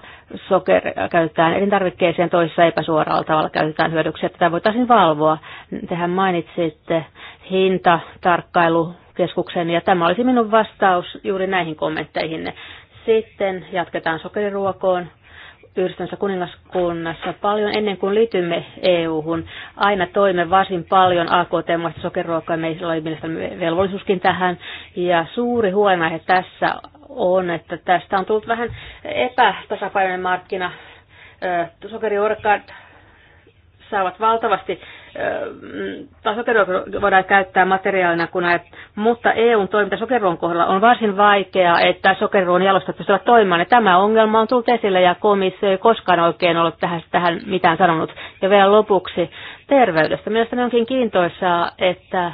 soker käytetään elintarvikkeeseen, toisessa epäsuoralla tavalla käytetään hyödyksi, että tätä voitaisiin valvoa. Tehän mainitsitte hintatarkkailukeskuksen, ja tämä olisi minun vastaus juuri näihin kommentteihin. Sitten jatketaan sokeriruokoon Yhdistönsä kuningaskunnassa paljon ennen kuin liitymme EU-hun. Aina toimme varsin paljon AKT-maista sokeriruokaa, meillä oli mielestäni velvollisuuskin tähän. Ja suuri huomaihe tässä on, että tästä on tullut vähän epätasapainoinen markkina. Sokeriorkat saavat valtavasti tasoterveyttä voidaan käyttää materiaalina, kun ajat, mutta EUn toiminta sokeron kohdalla on varsin vaikeaa, että sokeron jalostat pystyvät toimimaan. Ja tämä ongelma on tullut esille ja komissio ei koskaan oikein ollut tähän, tähän mitään sanonut. Ja vielä lopuksi terveydestä. Mielestäni onkin kiintoisaa, että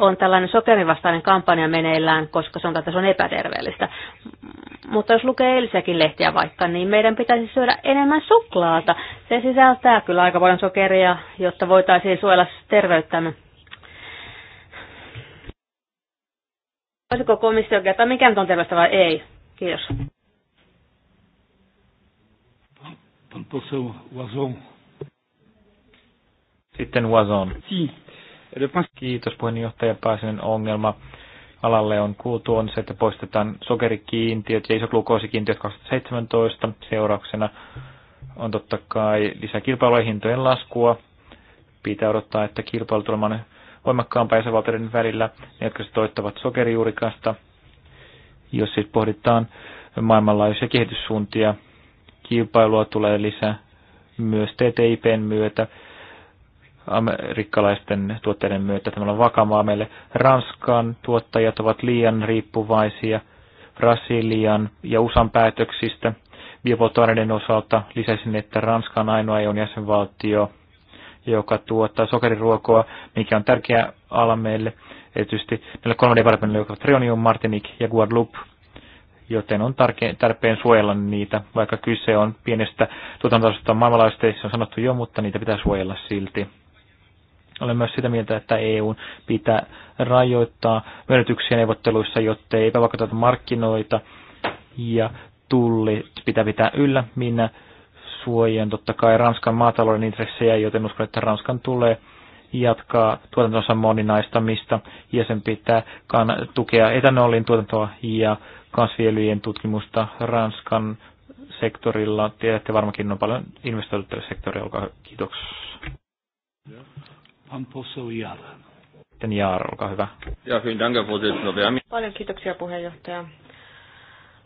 on tällainen sokerivastainen kampanja meneillään, koska se on että se on epäterveellistä. Mutta jos lukee eilisiäkin lehtiä vaikka, niin meidän pitäisi syödä enemmän suklaata. Se sisältää kyllä aika paljon sokeria, jotta voitaisiin suojella terveyttämme. Voisiko komissio kertoa, mikä on terveistä vai ei? Kiitos. Sitten Wazon. Kiitos puheenjohtaja Pääsinen ongelma alalle on kuultu on se, että poistetaan sokerikiintiöt ja isot 2017 seurauksena on totta kai lisää kilpailujen hintojen laskua. Pitää odottaa, että kilpailu tulemaan voimakkaampaa jäsenvaltioiden välillä, ne, jotka se toittavat sokerijuurikasta. Jos siis pohditaan maailmanlaajuisia kehityssuuntia, kilpailua tulee lisää myös TTIPn myötä amerikkalaisten tuotteiden myötä. Tämä on vakamaa meille. Ranskan tuottajat ovat liian riippuvaisia Brasilian ja USAn päätöksistä. Biopolttoaineiden osalta lisäisin, että Ranska on ainoa EUn jäsenvaltio, joka tuottaa sokeriruokoa, mikä on tärkeä ala meille, erityisesti näille kolmannen varpenille, jotka ovat Reunion, ja Guadeloupe, joten on tarpeen suojella niitä, vaikka kyse on pienestä tuotantotasosta maailmanlaajuisesti, se on sanottu jo, mutta niitä pitää suojella silti. Olen myös sitä mieltä, että EU pitää rajoittaa myönnytyksiä neuvotteluissa, jotta ei epävakautta markkinoita ja tulli pitää pitää yllä. Minä suojan totta kai Ranskan maatalouden intressejä, joten uskon, että Ranskan tulee jatkaa tuotantonsa moninaistamista ja sen pitää tukea etanolin tuotantoa ja kasviöljyjen tutkimusta Ranskan sektorilla. Tiedätte varmaankin on paljon investoitu tälle sektorille. Olkaa kiitoksia på så Jara. Den Jaar, olkaa hyvä. Ja, danke, Paljon kiitoksia puheenjohtaja.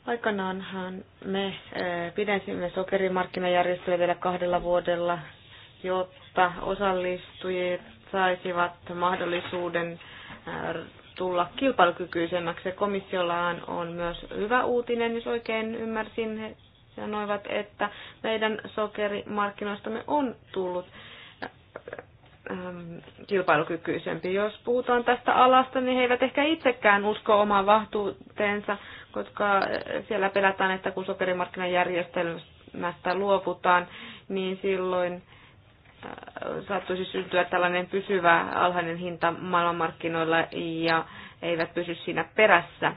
Aikanaanhan me eh, pidensimme sokerimarkkinajärjestöjä vielä kahdella vuodella, jotta osallistujat saisivat mahdollisuuden eh, tulla kilpailukykyisemmäksi. Komissiollaan on myös hyvä uutinen, jos oikein ymmärsin. He sanoivat, että meidän sokerimarkkinoistamme on tullut Ähm, kilpailukykyisempi. Jos puhutaan tästä alasta, niin he eivät ehkä itsekään usko omaan vahtuuteensa, koska äh, siellä pelätään, että kun sokerimarkkinajärjestelmästä luovutaan, niin silloin äh, saattuisi syntyä tällainen pysyvä alhainen hinta maailmanmarkkinoilla ja eivät pysy siinä perässä. Äh,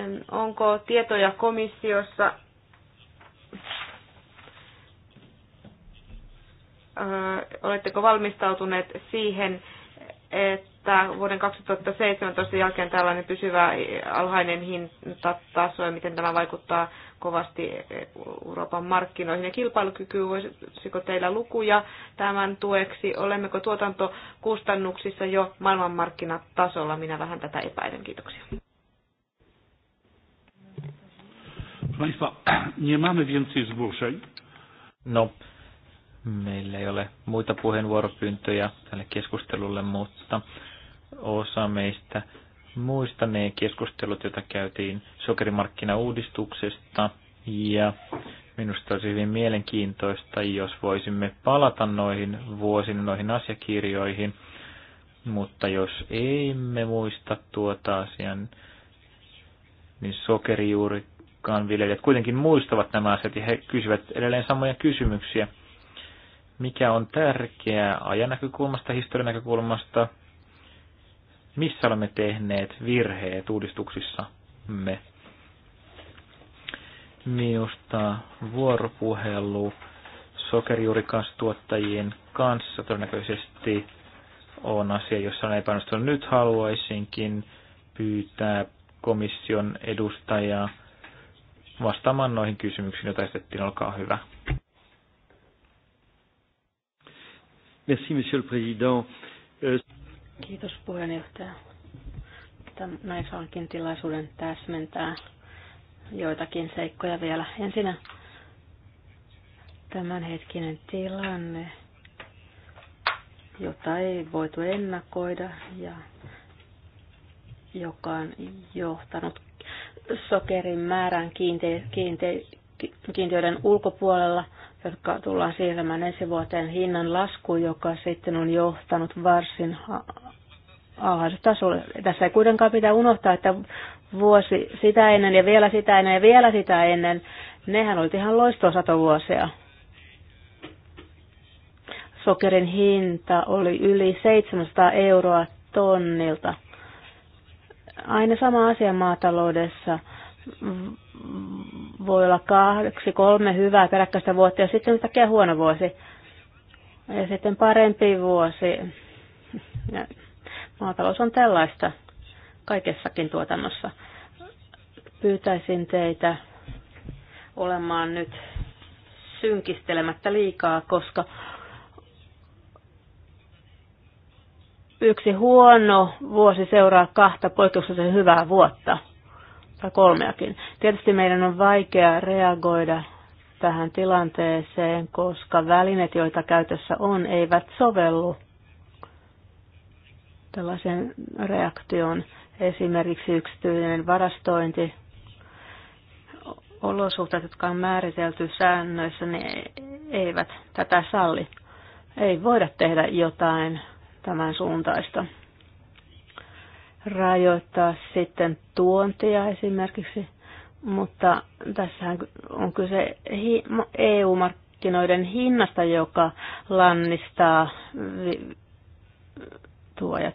ähm, onko tietoja komissiossa oletteko valmistautuneet siihen, että vuoden 2017 jälkeen tällainen pysyvä alhainen hintataso ja miten tämä vaikuttaa kovasti e, Euroopan markkinoihin ja kilpailukykyyn. Voisiko teillä lukuja tämän tueksi? Olemmeko tuotantokustannuksissa jo maailmanmarkkinatasolla? Minä vähän tätä epäilen. Kiitoksia. Państwa, nie mamy więcej zgłoszeń. No, Meillä ei ole muita puheenvuoropyyntöjä tälle keskustelulle, mutta osa meistä muista ne keskustelut, joita käytiin sokerimarkkinauudistuksesta. Ja minusta olisi hyvin mielenkiintoista, jos voisimme palata noihin vuosin, noihin asiakirjoihin. Mutta jos emme muista tuota asian, niin sokerijuurikaan viljelijät kuitenkin muistavat nämä asiat ja he kysyvät edelleen samoja kysymyksiä – mikä on tärkeää ajan näkökulmasta, historian näkökulmasta, missä olemme tehneet virheet uudistuksissamme. Minusta vuoropuhelu sokerijuurikastuottajien kanssa todennäköisesti on asia, jossa on epäonnistunut. Nyt haluaisinkin pyytää komission edustajaa vastaamaan noihin kysymyksiin, joita esitettiin. Olkaa hyvä. Merci, monsieur le président. Euh, Kiitos puheenjohtaja. Näin saankin tilaisuuden täsmentää joitakin seikkoja vielä. Ensinnä tämänhetkinen tilanne, jota ei voitu ennakoida ja joka on johtanut sokerin määrän kiinte, kiinte, kiinteiden ulkopuolella – jotka tullaan siirtämään ensi vuoteen hinnan lasku, joka sitten on johtanut varsin alhaiselle tasolle. Tässä ei kuitenkaan pitää unohtaa, että vuosi sitä ennen ja vielä sitä ennen ja vielä sitä ennen, nehän olivat ihan loistosatovuosia. Sokerin hinta oli yli 700 euroa tonnilta. Aina sama asia maataloudessa voi olla kahdeksi, kolme hyvää peräkkäistä vuotta ja sitten yhtäkkiä huono vuosi. Ja sitten parempi vuosi. Ja maatalous on tällaista kaikessakin tuotannossa. Pyytäisin teitä olemaan nyt synkistelemättä liikaa, koska yksi huono vuosi seuraa kahta poikkeuksellisen hyvää vuotta – tai kolmeakin. Tietysti meidän on vaikea reagoida tähän tilanteeseen, koska välineet, joita käytössä on, eivät sovellu tällaisen reaktion. Esimerkiksi yksityinen varastointi, olosuhteet, jotka on määritelty säännöissä, ne eivät tätä salli. Ei voida tehdä jotain tämän suuntaista rajoittaa sitten tuontia esimerkiksi, mutta tässä on kyse EU-markkinoiden hinnasta, joka lannistaa tuojat.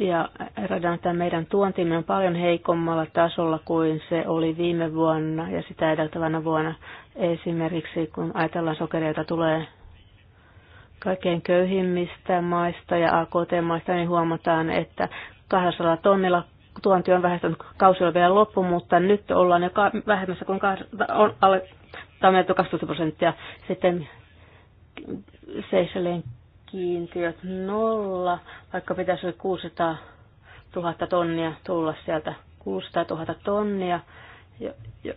Ja herätään, että meidän tuontimme on paljon heikommalla tasolla kuin se oli viime vuonna ja sitä edeltävänä vuonna. Esimerkiksi kun ajatellaan sokeria, jota tulee kaikkein köyhimmistä maista ja AKT-maista, niin huomataan, että 200 tonnilla tuonti on vähentynyt kausilla vielä loppu, mutta nyt ollaan jo vähemmässä kuin on alle, on 20 prosenttia. Sitten Seychellien kiintiöt nolla, vaikka pitäisi olla 600 000 tonnia tulla sieltä, 600 000 tonnia jo, jo,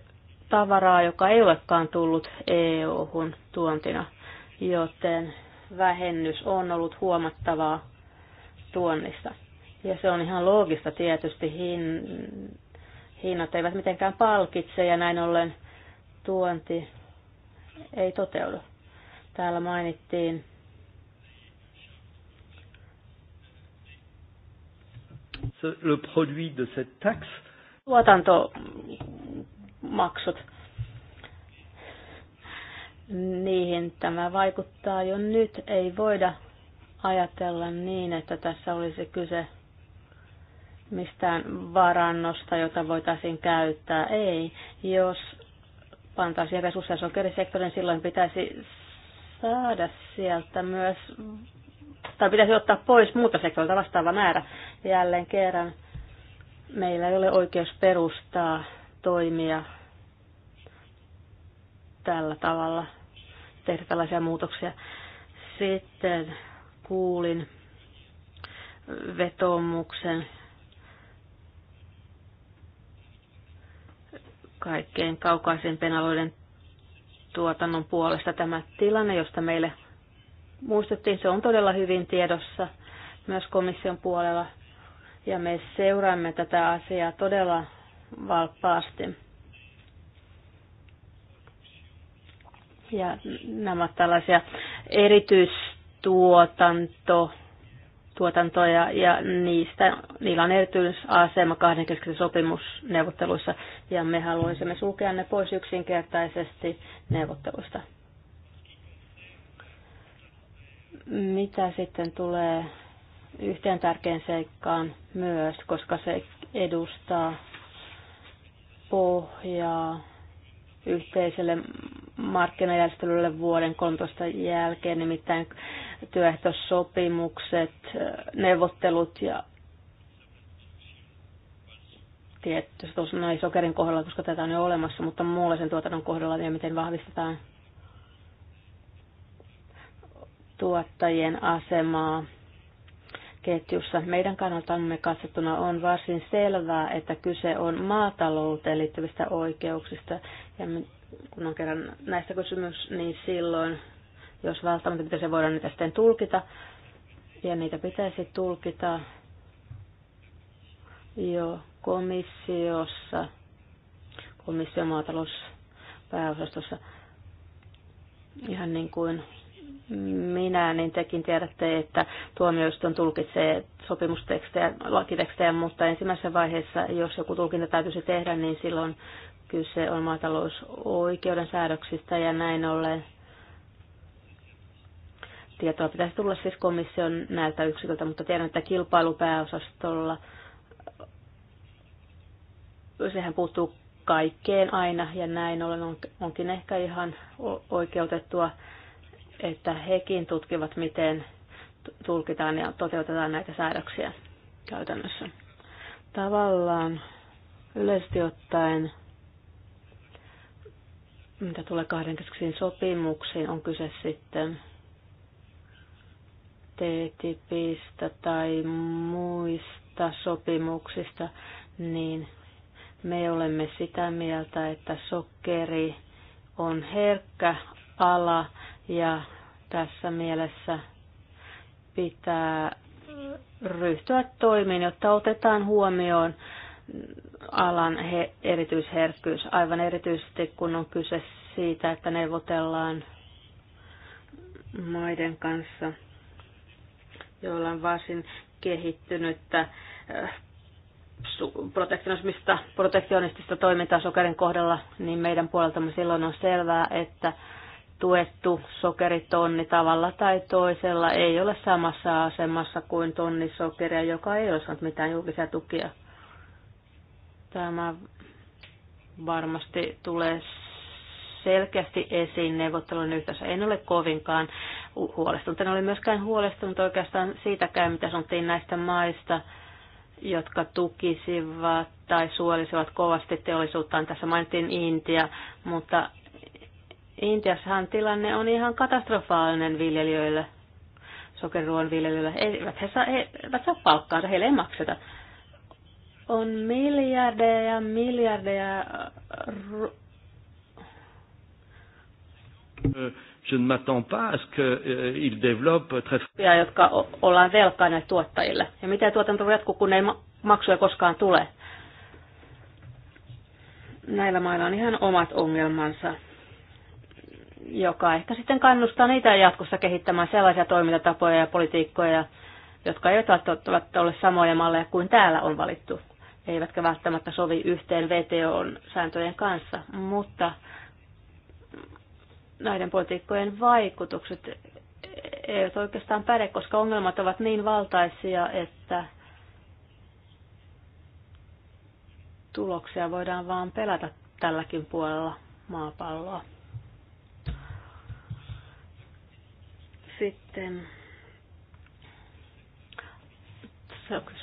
tavaraa, joka ei olekaan tullut EU-hun tuontina, joten vähennys on ollut huomattavaa tuonnista ja se on ihan loogista tietysti. Hin, hinnat eivät mitenkään palkitse ja näin ollen tuonti ei toteudu. Täällä mainittiin le produit de cette taxe. Tuotantomaksut. Niihin tämä vaikuttaa jo nyt. Ei voida ajatella niin, että tässä olisi kyse mistään varannosta, jota voitaisiin käyttää. Ei. Jos pantaisiin resursseja sokerisektorin, silloin pitäisi saada sieltä myös, tai pitäisi ottaa pois muuta sektorilta vastaava määrä. Jälleen kerran meillä ei ole oikeus perustaa toimia tällä tavalla, tehdä tällaisia muutoksia. Sitten kuulin vetomuksen kaikkein kaukaisimpien aloiden tuotannon puolesta tämä tilanne, josta meille muistettiin, se on todella hyvin tiedossa myös komission puolella. Ja me seuraamme tätä asiaa todella valppaasti. Ja nämä ovat tällaisia erityistuotanto tuotantoa ja, ja niistä, niillä on erityisasema kahdenkeskisissä sopimusneuvotteluissa ja me haluaisimme sulkea ne pois yksinkertaisesti neuvottelusta. Mitä sitten tulee yhteen tärkeän seikkaan myös, koska se edustaa pohjaa yhteiselle markkinajärjestelylle vuoden 13 jälkeen, nimittäin työehtosopimukset, neuvottelut ja tietysti tuossa no ei sokerin kohdalla, koska tätä on jo olemassa, mutta sen tuotannon kohdalla ja miten vahvistetaan tuottajien asemaa ketjussa. Meidän kannaltamme katsottuna on varsin selvää, että kyse on maatalouteen liittyvistä oikeuksista ja kun on kerran näistä kysymys, niin silloin, jos välttämättä pitäisi voida niitä sitten tulkita, ja niitä pitäisi tulkita jo komissiossa, komission maatalouspääosastossa, ihan niin kuin minä, niin tekin tiedätte, että tuomioistuin tulkitsee sopimustekstejä, lakitekstejä, mutta ensimmäisessä vaiheessa, jos joku tulkinta täytyisi tehdä, niin silloin kyse on maatalousoikeuden säädöksistä ja näin ollen tietoa pitäisi tulla siis komission näiltä yksiköltä, mutta tiedän, että kilpailupääosastolla sehän puuttuu kaikkeen aina ja näin ollen onkin ehkä ihan oikeutettua että hekin tutkivat, miten tulkitaan ja toteutetaan näitä säädöksiä käytännössä. Tavallaan yleisesti ottaen, mitä tulee kahdenkeskisiin sopimuksiin, on kyse sitten TTIPistä tai muista sopimuksista, niin me olemme sitä mieltä, että sokeri on herkkä ala ja tässä mielessä pitää ryhtyä toimiin, jotta otetaan huomioon alan he, erityisherkkyys, aivan erityisesti kun on kyse siitä, että neuvotellaan maiden kanssa, joilla on varsin kehittynyttä äh, protektionistista, protektionistista toimintaa sokerin kohdalla, niin meidän puoleltamme silloin on selvää, että tuettu sokeritonni tavalla tai toisella ei ole samassa asemassa kuin tonni sokeria, joka ei ole saanut mitään julkisia tukia. Tämä varmasti tulee selkeästi esiin neuvottelun yhteydessä. En ole kovinkaan huolestunut. En ole myöskään huolestunut oikeastaan siitäkään, mitä sanottiin näistä maista, jotka tukisivat tai suolisivat kovasti teollisuuttaan. Tässä mainittiin Intia, mutta Intiassahan tilanne on ihan katastrofaalinen viljelijöille, sokeruon viljelijöille. Eivät he saa, he, eivät saa palkkaansa, heille ei makseta. On miljardeja ja miljardeja je ne m'attends pas à ce qu'il euh, développe très ja, jotka ollaan velkaa näille tuottajille. Ja mitä tuotanto jatkuu, kun ei maksuja koskaan tule? Näillä mailla on ihan omat ongelmansa joka ehkä sitten kannustaa niitä jatkossa kehittämään sellaisia toimintatapoja ja politiikkoja, jotka eivät välttämättä ole samoja malleja kuin täällä on valittu, eivätkä välttämättä sovi yhteen vto sääntöjen kanssa, mutta näiden politiikkojen vaikutukset eivät oikeastaan päde, koska ongelmat ovat niin valtaisia, että tuloksia voidaan vaan pelätä tälläkin puolella maapalloa. Sitten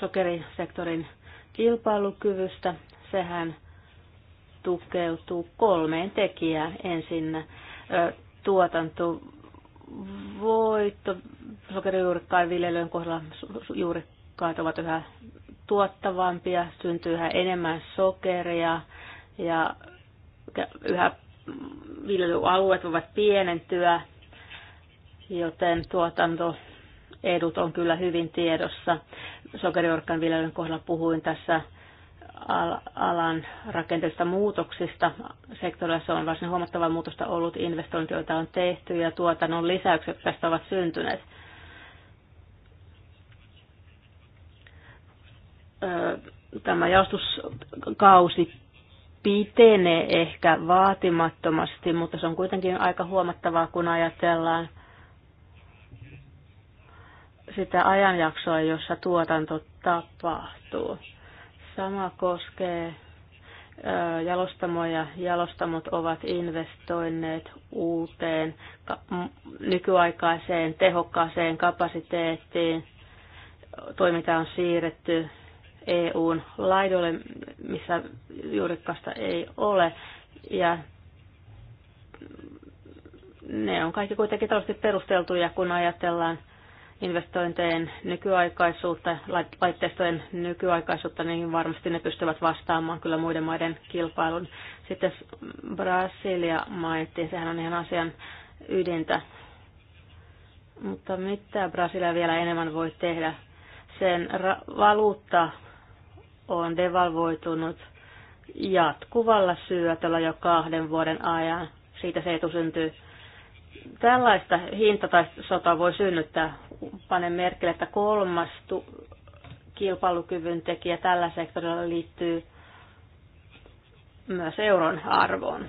sokerisektorin kilpailukyvystä. Sehän tukeutuu kolmeen tekijään. Ensin tuotanto voitto sokerijuurikkaan viljelyyn kohdalla juurikkaat ovat yhä tuottavampia, syntyy yhä enemmän sokeria ja yhä viljelyalueet voivat pienentyä joten tuotanto edut on kyllä hyvin tiedossa. Sokeriorkan viljelyn kohdalla puhuin tässä alan rakenteellisista muutoksista. Sektorilla se on varsin huomattavaa muutosta ollut, investointioita on tehty ja tuotannon lisäykset tästä ovat syntyneet. Tämä jaostuskausi pitenee ehkä vaatimattomasti, mutta se on kuitenkin aika huomattavaa, kun ajatellaan – sitä ajanjaksoa, jossa tuotanto tapahtuu. Sama koskee jalostamoja. Jalostamot ovat investoineet uuteen nykyaikaiseen tehokkaaseen kapasiteettiin. Toiminta on siirretty EUn laidolle, missä juurikasta ei ole. Ja ne on kaikki kuitenkin taloudellisesti perusteltuja, kun ajatellaan – investointeen nykyaikaisuutta, laitteistojen nykyaikaisuutta, niin varmasti ne pystyvät vastaamaan kyllä muiden maiden kilpailun. Sitten Brasilia mainittiin, sehän on ihan asian ydintä. Mutta mitä Brasilia vielä enemmän voi tehdä? Sen valuutta on devalvoitunut jatkuvalla syötöllä jo kahden vuoden ajan. Siitä se etu syntyy tällaista hinta tai sota voi synnyttää panen merkille, että kolmas kilpailukyvyn tekijä tällä sektorilla liittyy myös euron arvoon,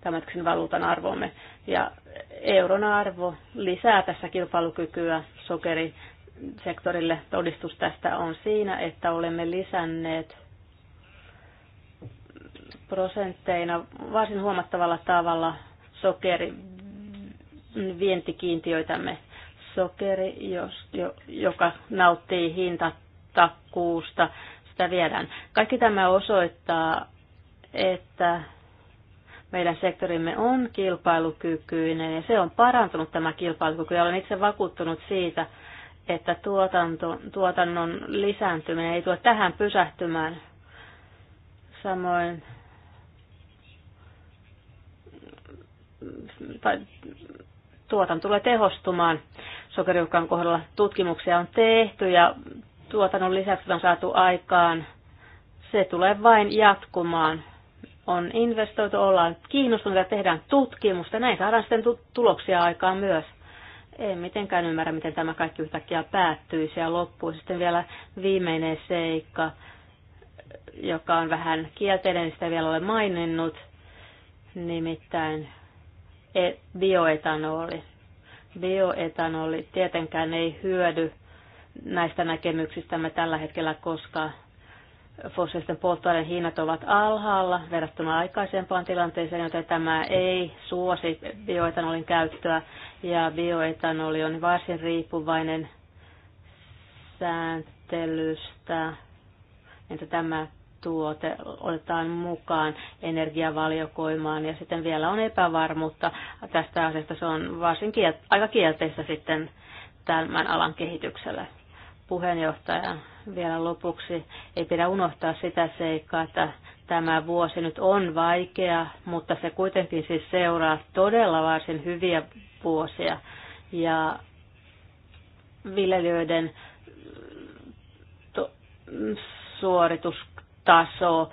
tämänkin valuutan arvomme. Ja euron arvo lisää tässä kilpailukykyä sokerisektorille. Todistus tästä on siinä, että olemme lisänneet prosentteina varsin huomattavalla tavalla sokeri vientikiintiöitämme. Sokeri, joka nauttii hintatakkuusta, sitä viedään. Kaikki tämä osoittaa, että meidän sektorimme on kilpailukykyinen ja se on parantunut tämä kilpailukyky. Ja olen itse vakuuttunut siitä, että tuotanto, tuotannon lisääntyminen ei tule tähän pysähtymään. Samoin tai tuotanto tulee tehostumaan sokeriuhkan kohdalla. Tutkimuksia on tehty ja tuotannon lisäksi on saatu aikaan. Se tulee vain jatkumaan. On investoitu, ollaan kiinnostuneita, tehdään tutkimusta. Näin saadaan sitten tuloksia aikaan myös. En mitenkään ymmärrä, miten tämä kaikki yhtäkkiä päättyisi ja loppuisi. Sitten vielä viimeinen seikka, joka on vähän kielteinen, sitä vielä olen maininnut. Nimittäin E, bioetanoli. Bioetanoli tietenkään ei hyödy näistä näkemyksistämme tällä hetkellä, koska fossiilisten polttoaineen hinnat ovat alhaalla verrattuna aikaisempaan tilanteeseen, joten tämä ei suosi bioetanolin käyttöä. Ja bioetanoli on varsin riippuvainen sääntelystä, että tämä tuote otetaan mukaan energiavaliokoimaan ja sitten vielä on epävarmuutta tästä asiasta. Se on varsin kiel- aika kielteistä sitten tämän alan kehitykselle. Puheenjohtaja vielä lopuksi ei pidä unohtaa sitä seikkaa, että tämä vuosi nyt on vaikea, mutta se kuitenkin siis seuraa todella varsin hyviä vuosia ja viljelijöiden suoritus taso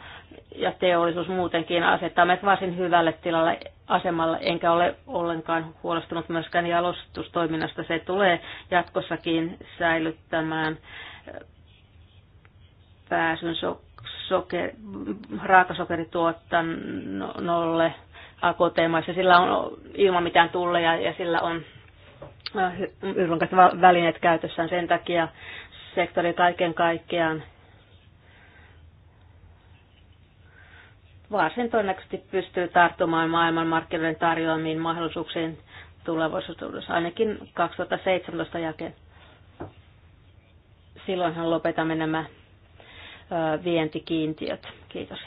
ja teollisuus muutenkin asettaa meidät varsin hyvälle tilalle asemalla, enkä ole ollenkaan huolestunut myöskään jalostustoiminnasta. Se tulee jatkossakin säilyttämään pääsyn so- soker- raakasokerituotannolle AKT-maissa. Sillä on ilman mitään tulleja ja sillä on äh, yhdenmukaiset välineet käytössään. Sen takia sektori kaiken kaikkiaan sen todennäköisesti pystyy tarttumaan maailmanmarkkinoiden tarjoamiin mahdollisuuksiin tulevaisuudessa, ainakin 2017 jälkeen. Silloinhan lopetamme nämä vientikiintiöt. Kiitos.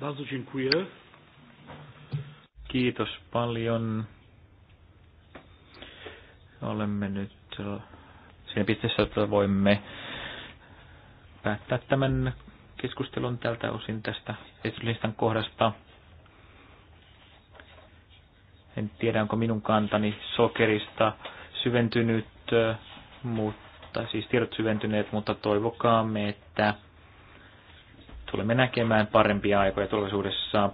Bardzo dziękuję. Kiitos paljon. Olemme nyt siinä pisteessä, että voimme päättää tämän keskustelun tältä osin tästä esityslistan kohdasta. En tiedä, onko minun kantani sokerista syventynyt, mutta siis tiedot syventyneet, mutta toivokaamme, että tulemme näkemään parempia aikoja tulevaisuudessa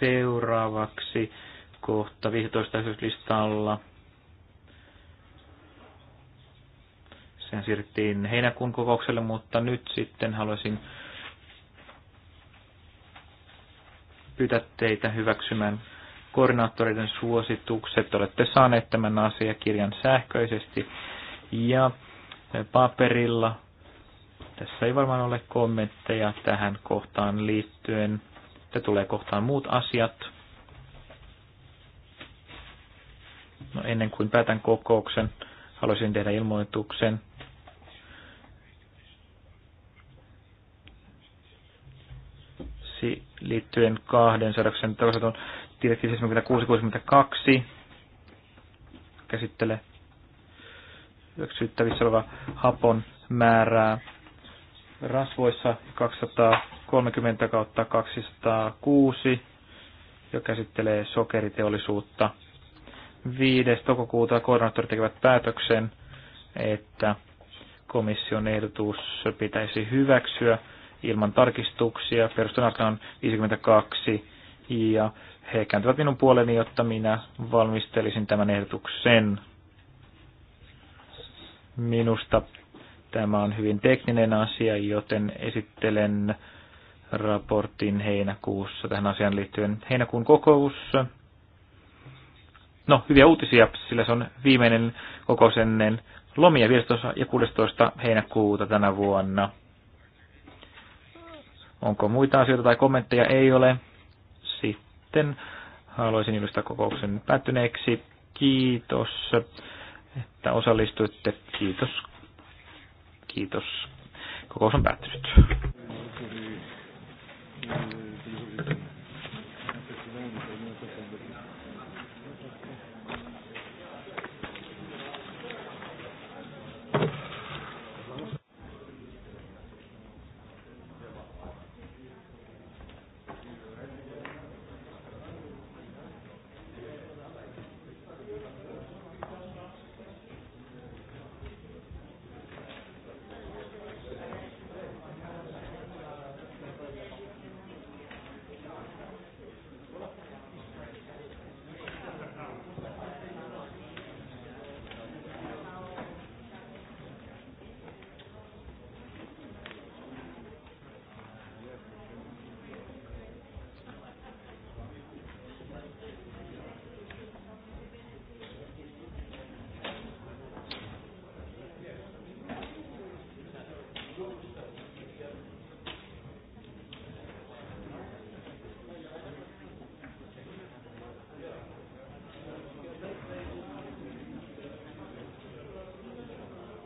seuraavaksi kohta 15 listalla. Sen siirrettiin heinäkuun kokoukselle, mutta nyt sitten haluaisin pyytää teitä hyväksymään koordinaattoreiden suositukset. Olette saaneet tämän asiakirjan sähköisesti ja paperilla. Tässä ei varmaan ole kommentteja tähän kohtaan liittyen. Sitten tulee kohtaan muut asiat. No, ennen kuin päätän kokouksen, haluaisin tehdä ilmoituksen. liittyen 200 on direktiivi 7662 käsittele hyväksyttävissä oleva hapon määrää rasvoissa 200 30 kautta 206, joka käsittelee sokeriteollisuutta. 5. toukokuuta koordinaattorit tekevät päätöksen, että komission ehdotus pitäisi hyväksyä ilman tarkistuksia. Perustan on 52 ja he kääntyvät minun puoleni, jotta minä valmistelisin tämän ehdotuksen. Minusta tämä on hyvin tekninen asia, joten esittelen raportin heinäkuussa tähän asiaan liittyen. Heinäkuun kokous. No, hyviä uutisia, sillä se on viimeinen kokous ennen lomia 15. ja 16. heinäkuuta tänä vuonna. Onko muita asioita tai kommentteja? Ei ole. Sitten haluaisin julistaa kokouksen päättyneeksi. Kiitos, että osallistuitte. Kiitos. Kiitos. Kokous on päättynyt. Amen.